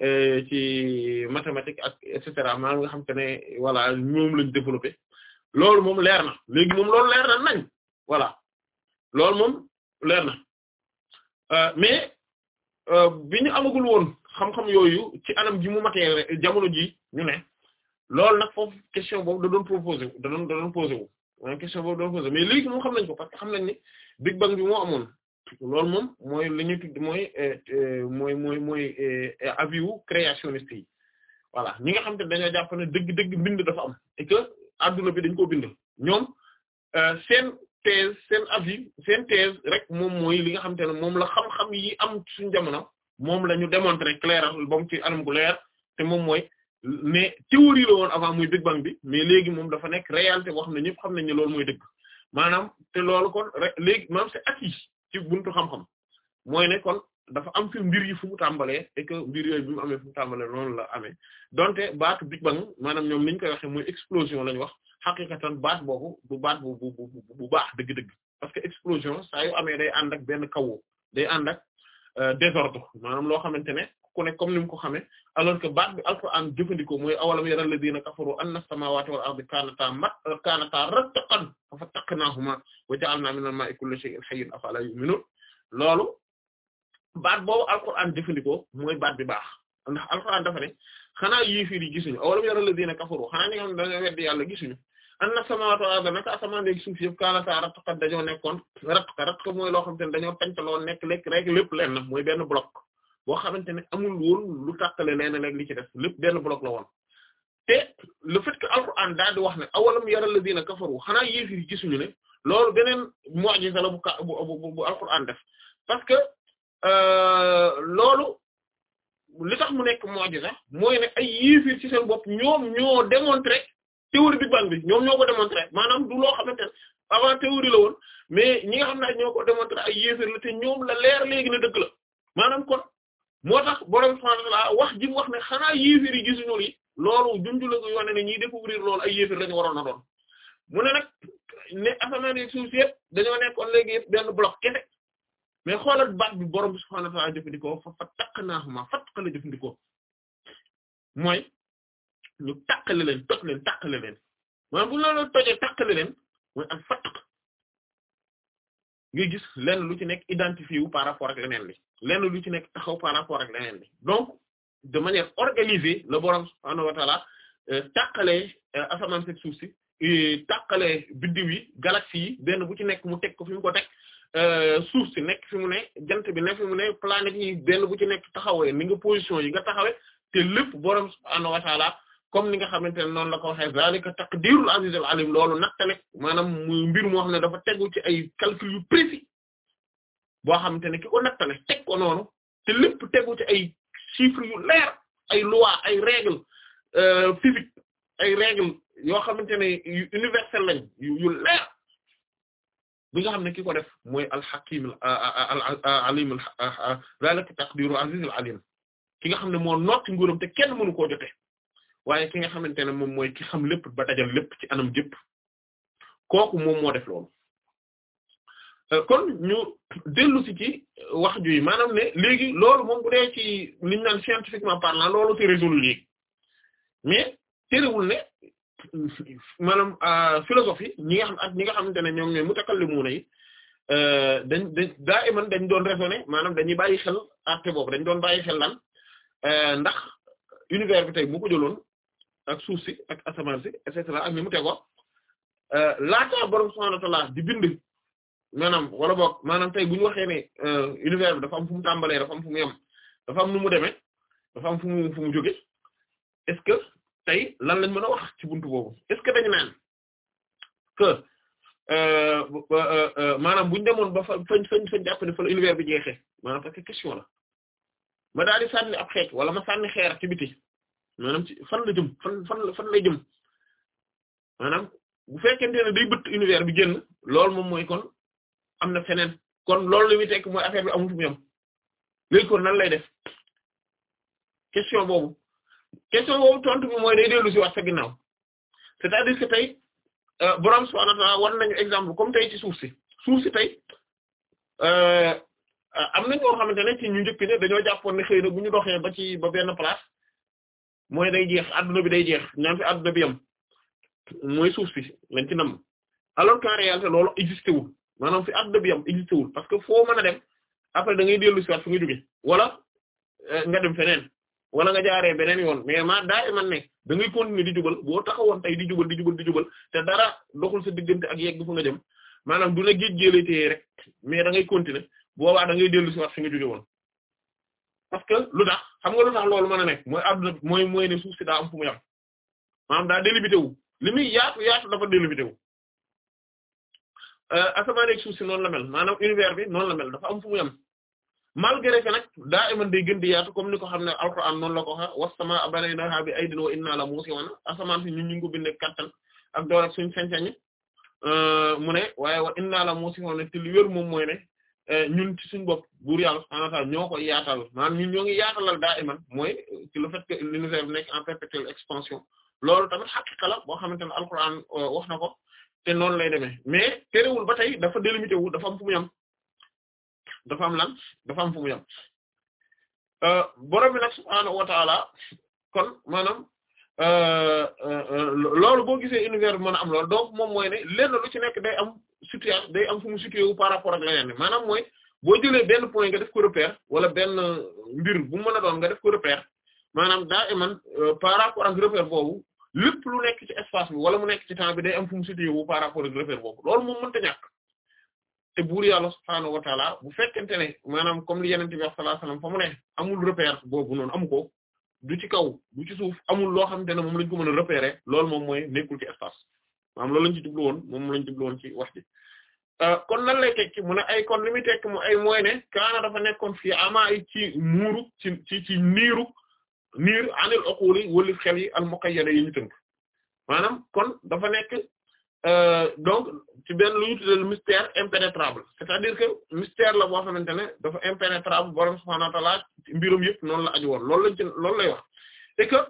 A: e ci mathématique ak et cetera maanaam nga xamante ne voilà ñoom lañ développé loolu moom leer na léegi moom loolu leer nañ voilà loolu moom leer na mais bi ñu amagul woon xam-xam yooyu ci anam ji mu matee jamono ji ñu ne. loolu nag foofu question boobu da doon proposé wu da doon da doon posé wu maanaam question boobu da xam nañ ko parce que xam nañ ne Big Bang bi moo amoon loolu moom mooy li ñuy tudd mooy euh, euh, mooy mooy mooy euh, avis wu créationniste yi voilà ñi nga xam te dañoo jàpp ne dëgg-dëgg bind dafa am et que adduna bi dañ ko bind ñoom seen thèse seen avis seen thèse rek moom mooy li nga xam te ne moom la xam-xam yi am suñ jamono moom la ñu démontrer clair ba ci anam gu leer te moom mooy ne théorie la woon avant muy Big Bang bi mais léegi moom dafa nekk réalité boo xam ne ñëpp xam nañ ne loolu mooy dëgg maanaam te loolu kon rek léegi maanaam c'est acquis ci buntu xam-xam mooy ne kon dafa am fi mbir yi fu mu tàmbalee et que mbir yooyu bi mu amee fu mu tàmbalee noonu la amee donte baatu Big Bang maanaam ñoom niñ koy waxee mooy explosion lañ wax xaqiqatan baat boobu bu baat bu bu baax dëgg-dëgg parce que explosion saa yu amee day ànd ak benn kawoo day ànd ak euh, désordre maanaam loo xamante ne ku ne comme ni mu ko xamee alors que baat bi alquran jëfandikoo mooy awalam yaral ladina kafaru anna samawati wal ardi kaanataa mat kaanataa rattaqan fafataqnahuma wa ja'alna minal ma'i kulli shay'in hayyin afala yu'minun loolu baat boobu alquran jëfandikoo mooy baat bi baax ndax alquran dafa ne xanaa yéefir yi gisuñu awalam yaral ladina kafaru xanaa ñi nga xam ne dañoo weddi yàlla gisuñu anna samawati wal ardi naka asamaan léegi suuf yëpp kaanataa rattaqan dañoo nekkoon rattaqa rattaqa mooy loo xam te ne dañoo loo nekk lekk rek lépp leen mooy benn bloc boo xamante ne amul lu tàqale leneen ak li ci def lépp benn bloc la woon te le fait que alquran daal di wax ne awalam yaral ladina kafaru xanaa yéefir yi gisuñu ne loolu beneen mu'jiza la bu ka bu bu def parce que euh, loolu li tax mu nekk mu'jiza mooy ne ay yéefir ci seen bopp ñoom ñoo démontrer théorie Big Bang bi ñoom ñoo ko démontrer maanaam du loo xamante ne avant théorie la woon mais ñi nga xam ne ñoo ko démontrer ay yéefir la te ñoom la leer na la maanaam kon. moo tax borom subhaanahu wa ta'aala wax ji mu wax ne xanaa yéeféer yi gisuñu lii loolu junj la ko yone ne ñiy découvrir loolu ay yéeféer lañu waroon a doon mu ne nag ne asamaan yi suuf si yëpp dañoo nekkoon léegi yëpp benn bloc kese mais xoolal baat bi borom subhaanahu wa ta'aala jëfandikoo fa fa taqnaahumaa fatq la ñu taqale leen toj leen taqale leen maanaam bu ñu la doon nga gis lenn lu ci nekk identifié wu par rapport a leneen li lenn lu ci nekk taxaw par rapport ak leneen li donc de manière organisée le borom subhaanahu wa ta'ala euh, tàqalee euh, asamaan seg suuf si tàqalee biddiw yi galaxies yi benn bu ci nekk mu teg ko fi mu ko teg euh, suuf si nekk fi mu ne jant bi ne fi mu ne planètes yi benn bu ci nekk taxawee ni nga position yi nga taxawee te lépp borom subhaanahu wa ta'ala comme ni nga xamante ne noonu la ko waxee a taqdirul aziz al alim loolu nattale maanaam muy mbir moo xam ne dafa tegu ci ay calcul xamante ne teg ko noonu te lépp tegu ci ay chiffres yu leer ay lois ay règles euh, physiques ay règles yoo xamante ne universel lañ yu leer bi nga xam ne ki ko def mooy al hakim al alim zalika taqdirul aziz ki nga xam ne moo notti nguuram te kenn mënu koo jote waaye ki nga xamante ne moom mooy ki xam lépp ba dajal lépp ci anam jëpp kooku moom moo def loolu euh, kon ñu dellu si wax ju yi maanaam ne léegi loolu moom bu dee ci li ñu naan scientifiquement parlant loolu te résolu léegi mais terewul ne maanaam euh, philosophie ñi nga xam ak ñi nga xamante ne ñoom ñooy mutakallimuna yi euh, dañ dañ daa iman dañ doon raisonner maanaam dañuy bàyyi xel acte boobu dañ doon bàyyi xel lan ndax univers bi tey bu jëloon ak suuf si ak ak ni mu tegoo euh, laataa borom subhaanahu wa di bind maanaam wala boog maanaam tey bu ñu waxee ne euh, univers bi dafa am fu mu tàmbalee dafa am da mu yem dafa am nu mu demee dafa am fu mu est-ce que tey lan lañ mën a wax ci boobu est-ce que dañu naan que euh, maanaam bu ñu demoon ba fa fañ fañ fañ jàpp univers bi jeexee maanaam parce que question la ma daal di sànni ab xeet wala ma sànni xeer ci biti maanaam ci fan la jëm fan fan fan lay jëm maanaam univers bi génn lool moom mooy kon am na feneen kon loolu la muy tekk mooy affaire bi amul fu mu kon nan lay def question boobu question boobu tontu bi mooy day dellu ci wax sa ginnaaw c'est-à-dire que tey euh, borom subhanahu wa ta'ala war nañu exemple comme tey ci suuf si suuf si tey euh, am na ñoo xamante ne ci ñu njëkk ne dañoo jàppoon ne xëy na bu ñu doxee ba ci ba benn place mooy day jeex adduna bi day jeex ñaan fi adduna bi yam mooy suuf si lañ ci nam alors qu'en réalité lool existé wul maanaam fi adduna bi yam existé wul parce que foo mën a dem après da ngay dellu si waat fi nga jóge wala euh, nga dem feneen wala nga jaaree beneen yoon mais ma daay man ne da nga continuer di jubal boo taxawoon tey di jubal di jubal di jubal te dara doxul sa diggante ak yegg fa nga jëm maanaam du la géej géej lay téye rek mais da ngay continuer boobaa da ngay dellu si waat fi nga jóge woon parce que lu tax xam nga lu tax loolu mën a nekk mooy adduna mooy mooy ne suuf si daa am fu mu yam maanaam daa délimité li muy yaatu yaatu dafa délimité wu euh, asamaan ak suuf si noonu la maanaam univers bi noonu la mel dafa am fu mu yam malgré que nag daa iman day gën di yaatu comme ni ko xam ne alxuraan noonu la ko waxa wassamaa banaynahaa bi aydin wa innaa la muusi'uun asamaan si ñun ñu ngi ko bindee kattan ak door ak sañ-sañ euh, mu ne waaye wa innaa la muusi'uun te li wér moom ne Eh, ñun ci suñu bopp buur yàlla subhaanahu wa ta'aala ñoo koy yaatal mooy ci le fait que l'univers en perpétuelle expansion loolu tamit xaqiqa la boo xamante ne alquran eh, wax na ko te noonu lay demee mais terewul ba tey dafa délimité wu dafa am fu mu dafa am lan dafa am fu mu yam eh, borom bi nag subhaanahu wa ta'aala kon maanaam Euh, euh, euh, loolu boo gisee univers bi mën a am loolu donc moom mooy ne lenn lu ci nekk day am situé day am fu mu situé wu par rapport ak leneen maanaam mooy boo jëlee benn point nga def ko repère wala benn mbir bu mën a doon nga def ko repère maanaam daa iman e par rapport ak repère boobu lépp lu nekk ci espace bi wala mu nekk ci temps bi day am fu mu situé wu par rapport ak repère boobu loolu moom mënta ñàkk te buur yàlla subhaanahu wa taala bu fekkente ne maanaam comme li yenente bi sallallahu alayhi wasallam fa boobu noonu amu ko du ci kaw du ci suuf amul loo xamante ne moom lañ ko mën a repérer loolu moom mooy nekkul ci espace maanaam loolu lañ ci jublu woon moom lañ jublu woon ci wax ji euh, kon lan lay tekki mu ne ay kon li muy tekki mu ay mooy ne kaana dafa nekkoon fii ama yi ci muuru ci ci ci niiru niir anil uquli wëlif xel yi al muqayyada yi ñu tënk maanaam kon dafa nekk Euh, donc ci benn lu ñu tuddee le mystère impénétrable c'est-à-dire que mystère la boo xamante ne dafa impénétrable borom subhaanahu wa ta'aala mbirum yëpp noonu la aju woon loolu lañ ci loolu lay wax et que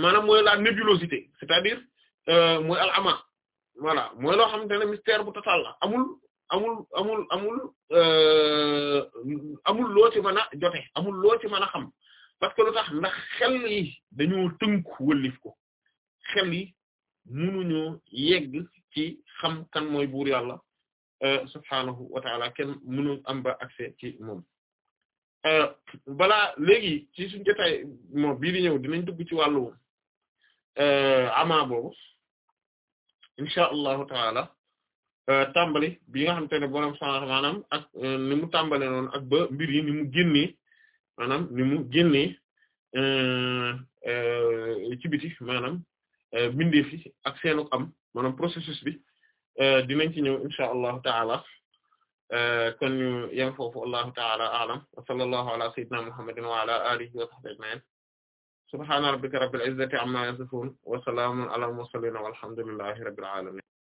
A: maanaam mooy la nébulosité c'est-à-dire euh, mooy al ama voilà mooy loo xamante ne mystère bu total amul amul amul amul euh, amul loo ci mën a jote amul loo ci mën a xam parce que lu tax ndax xel yi dañoo tënk wëllif ko xel munuñoo yegg ci xam kan mooy buur yàlla euh, subhaanahu wa taala kenn mënu am ci moom euh, balaa léegi ci suñu jotaay moom bii di ñëw dinañ dugg ci wàllu euh, ama boobu incha allahu taala tàmbali bi nga xamante ne borom sànq maanaam ak ni mu tàmbale noonu ak ba mbir yi ni mu génnee maanaam ni mu génnee ci biti maanaam Euh, bindeef yi ak seenu am maanaam processus bi euh, dinañ ci ñëw insha allahu taala euh, kon ñu yem foofu allahu taala a'lam wa sallallahu ala sayyidina muhammadin wa alihi wa sahbihi ajma'in subhana rabbika rabbil izzati amma yasifun wa salamun ala mursalin walhamdulillahi rabbil alamin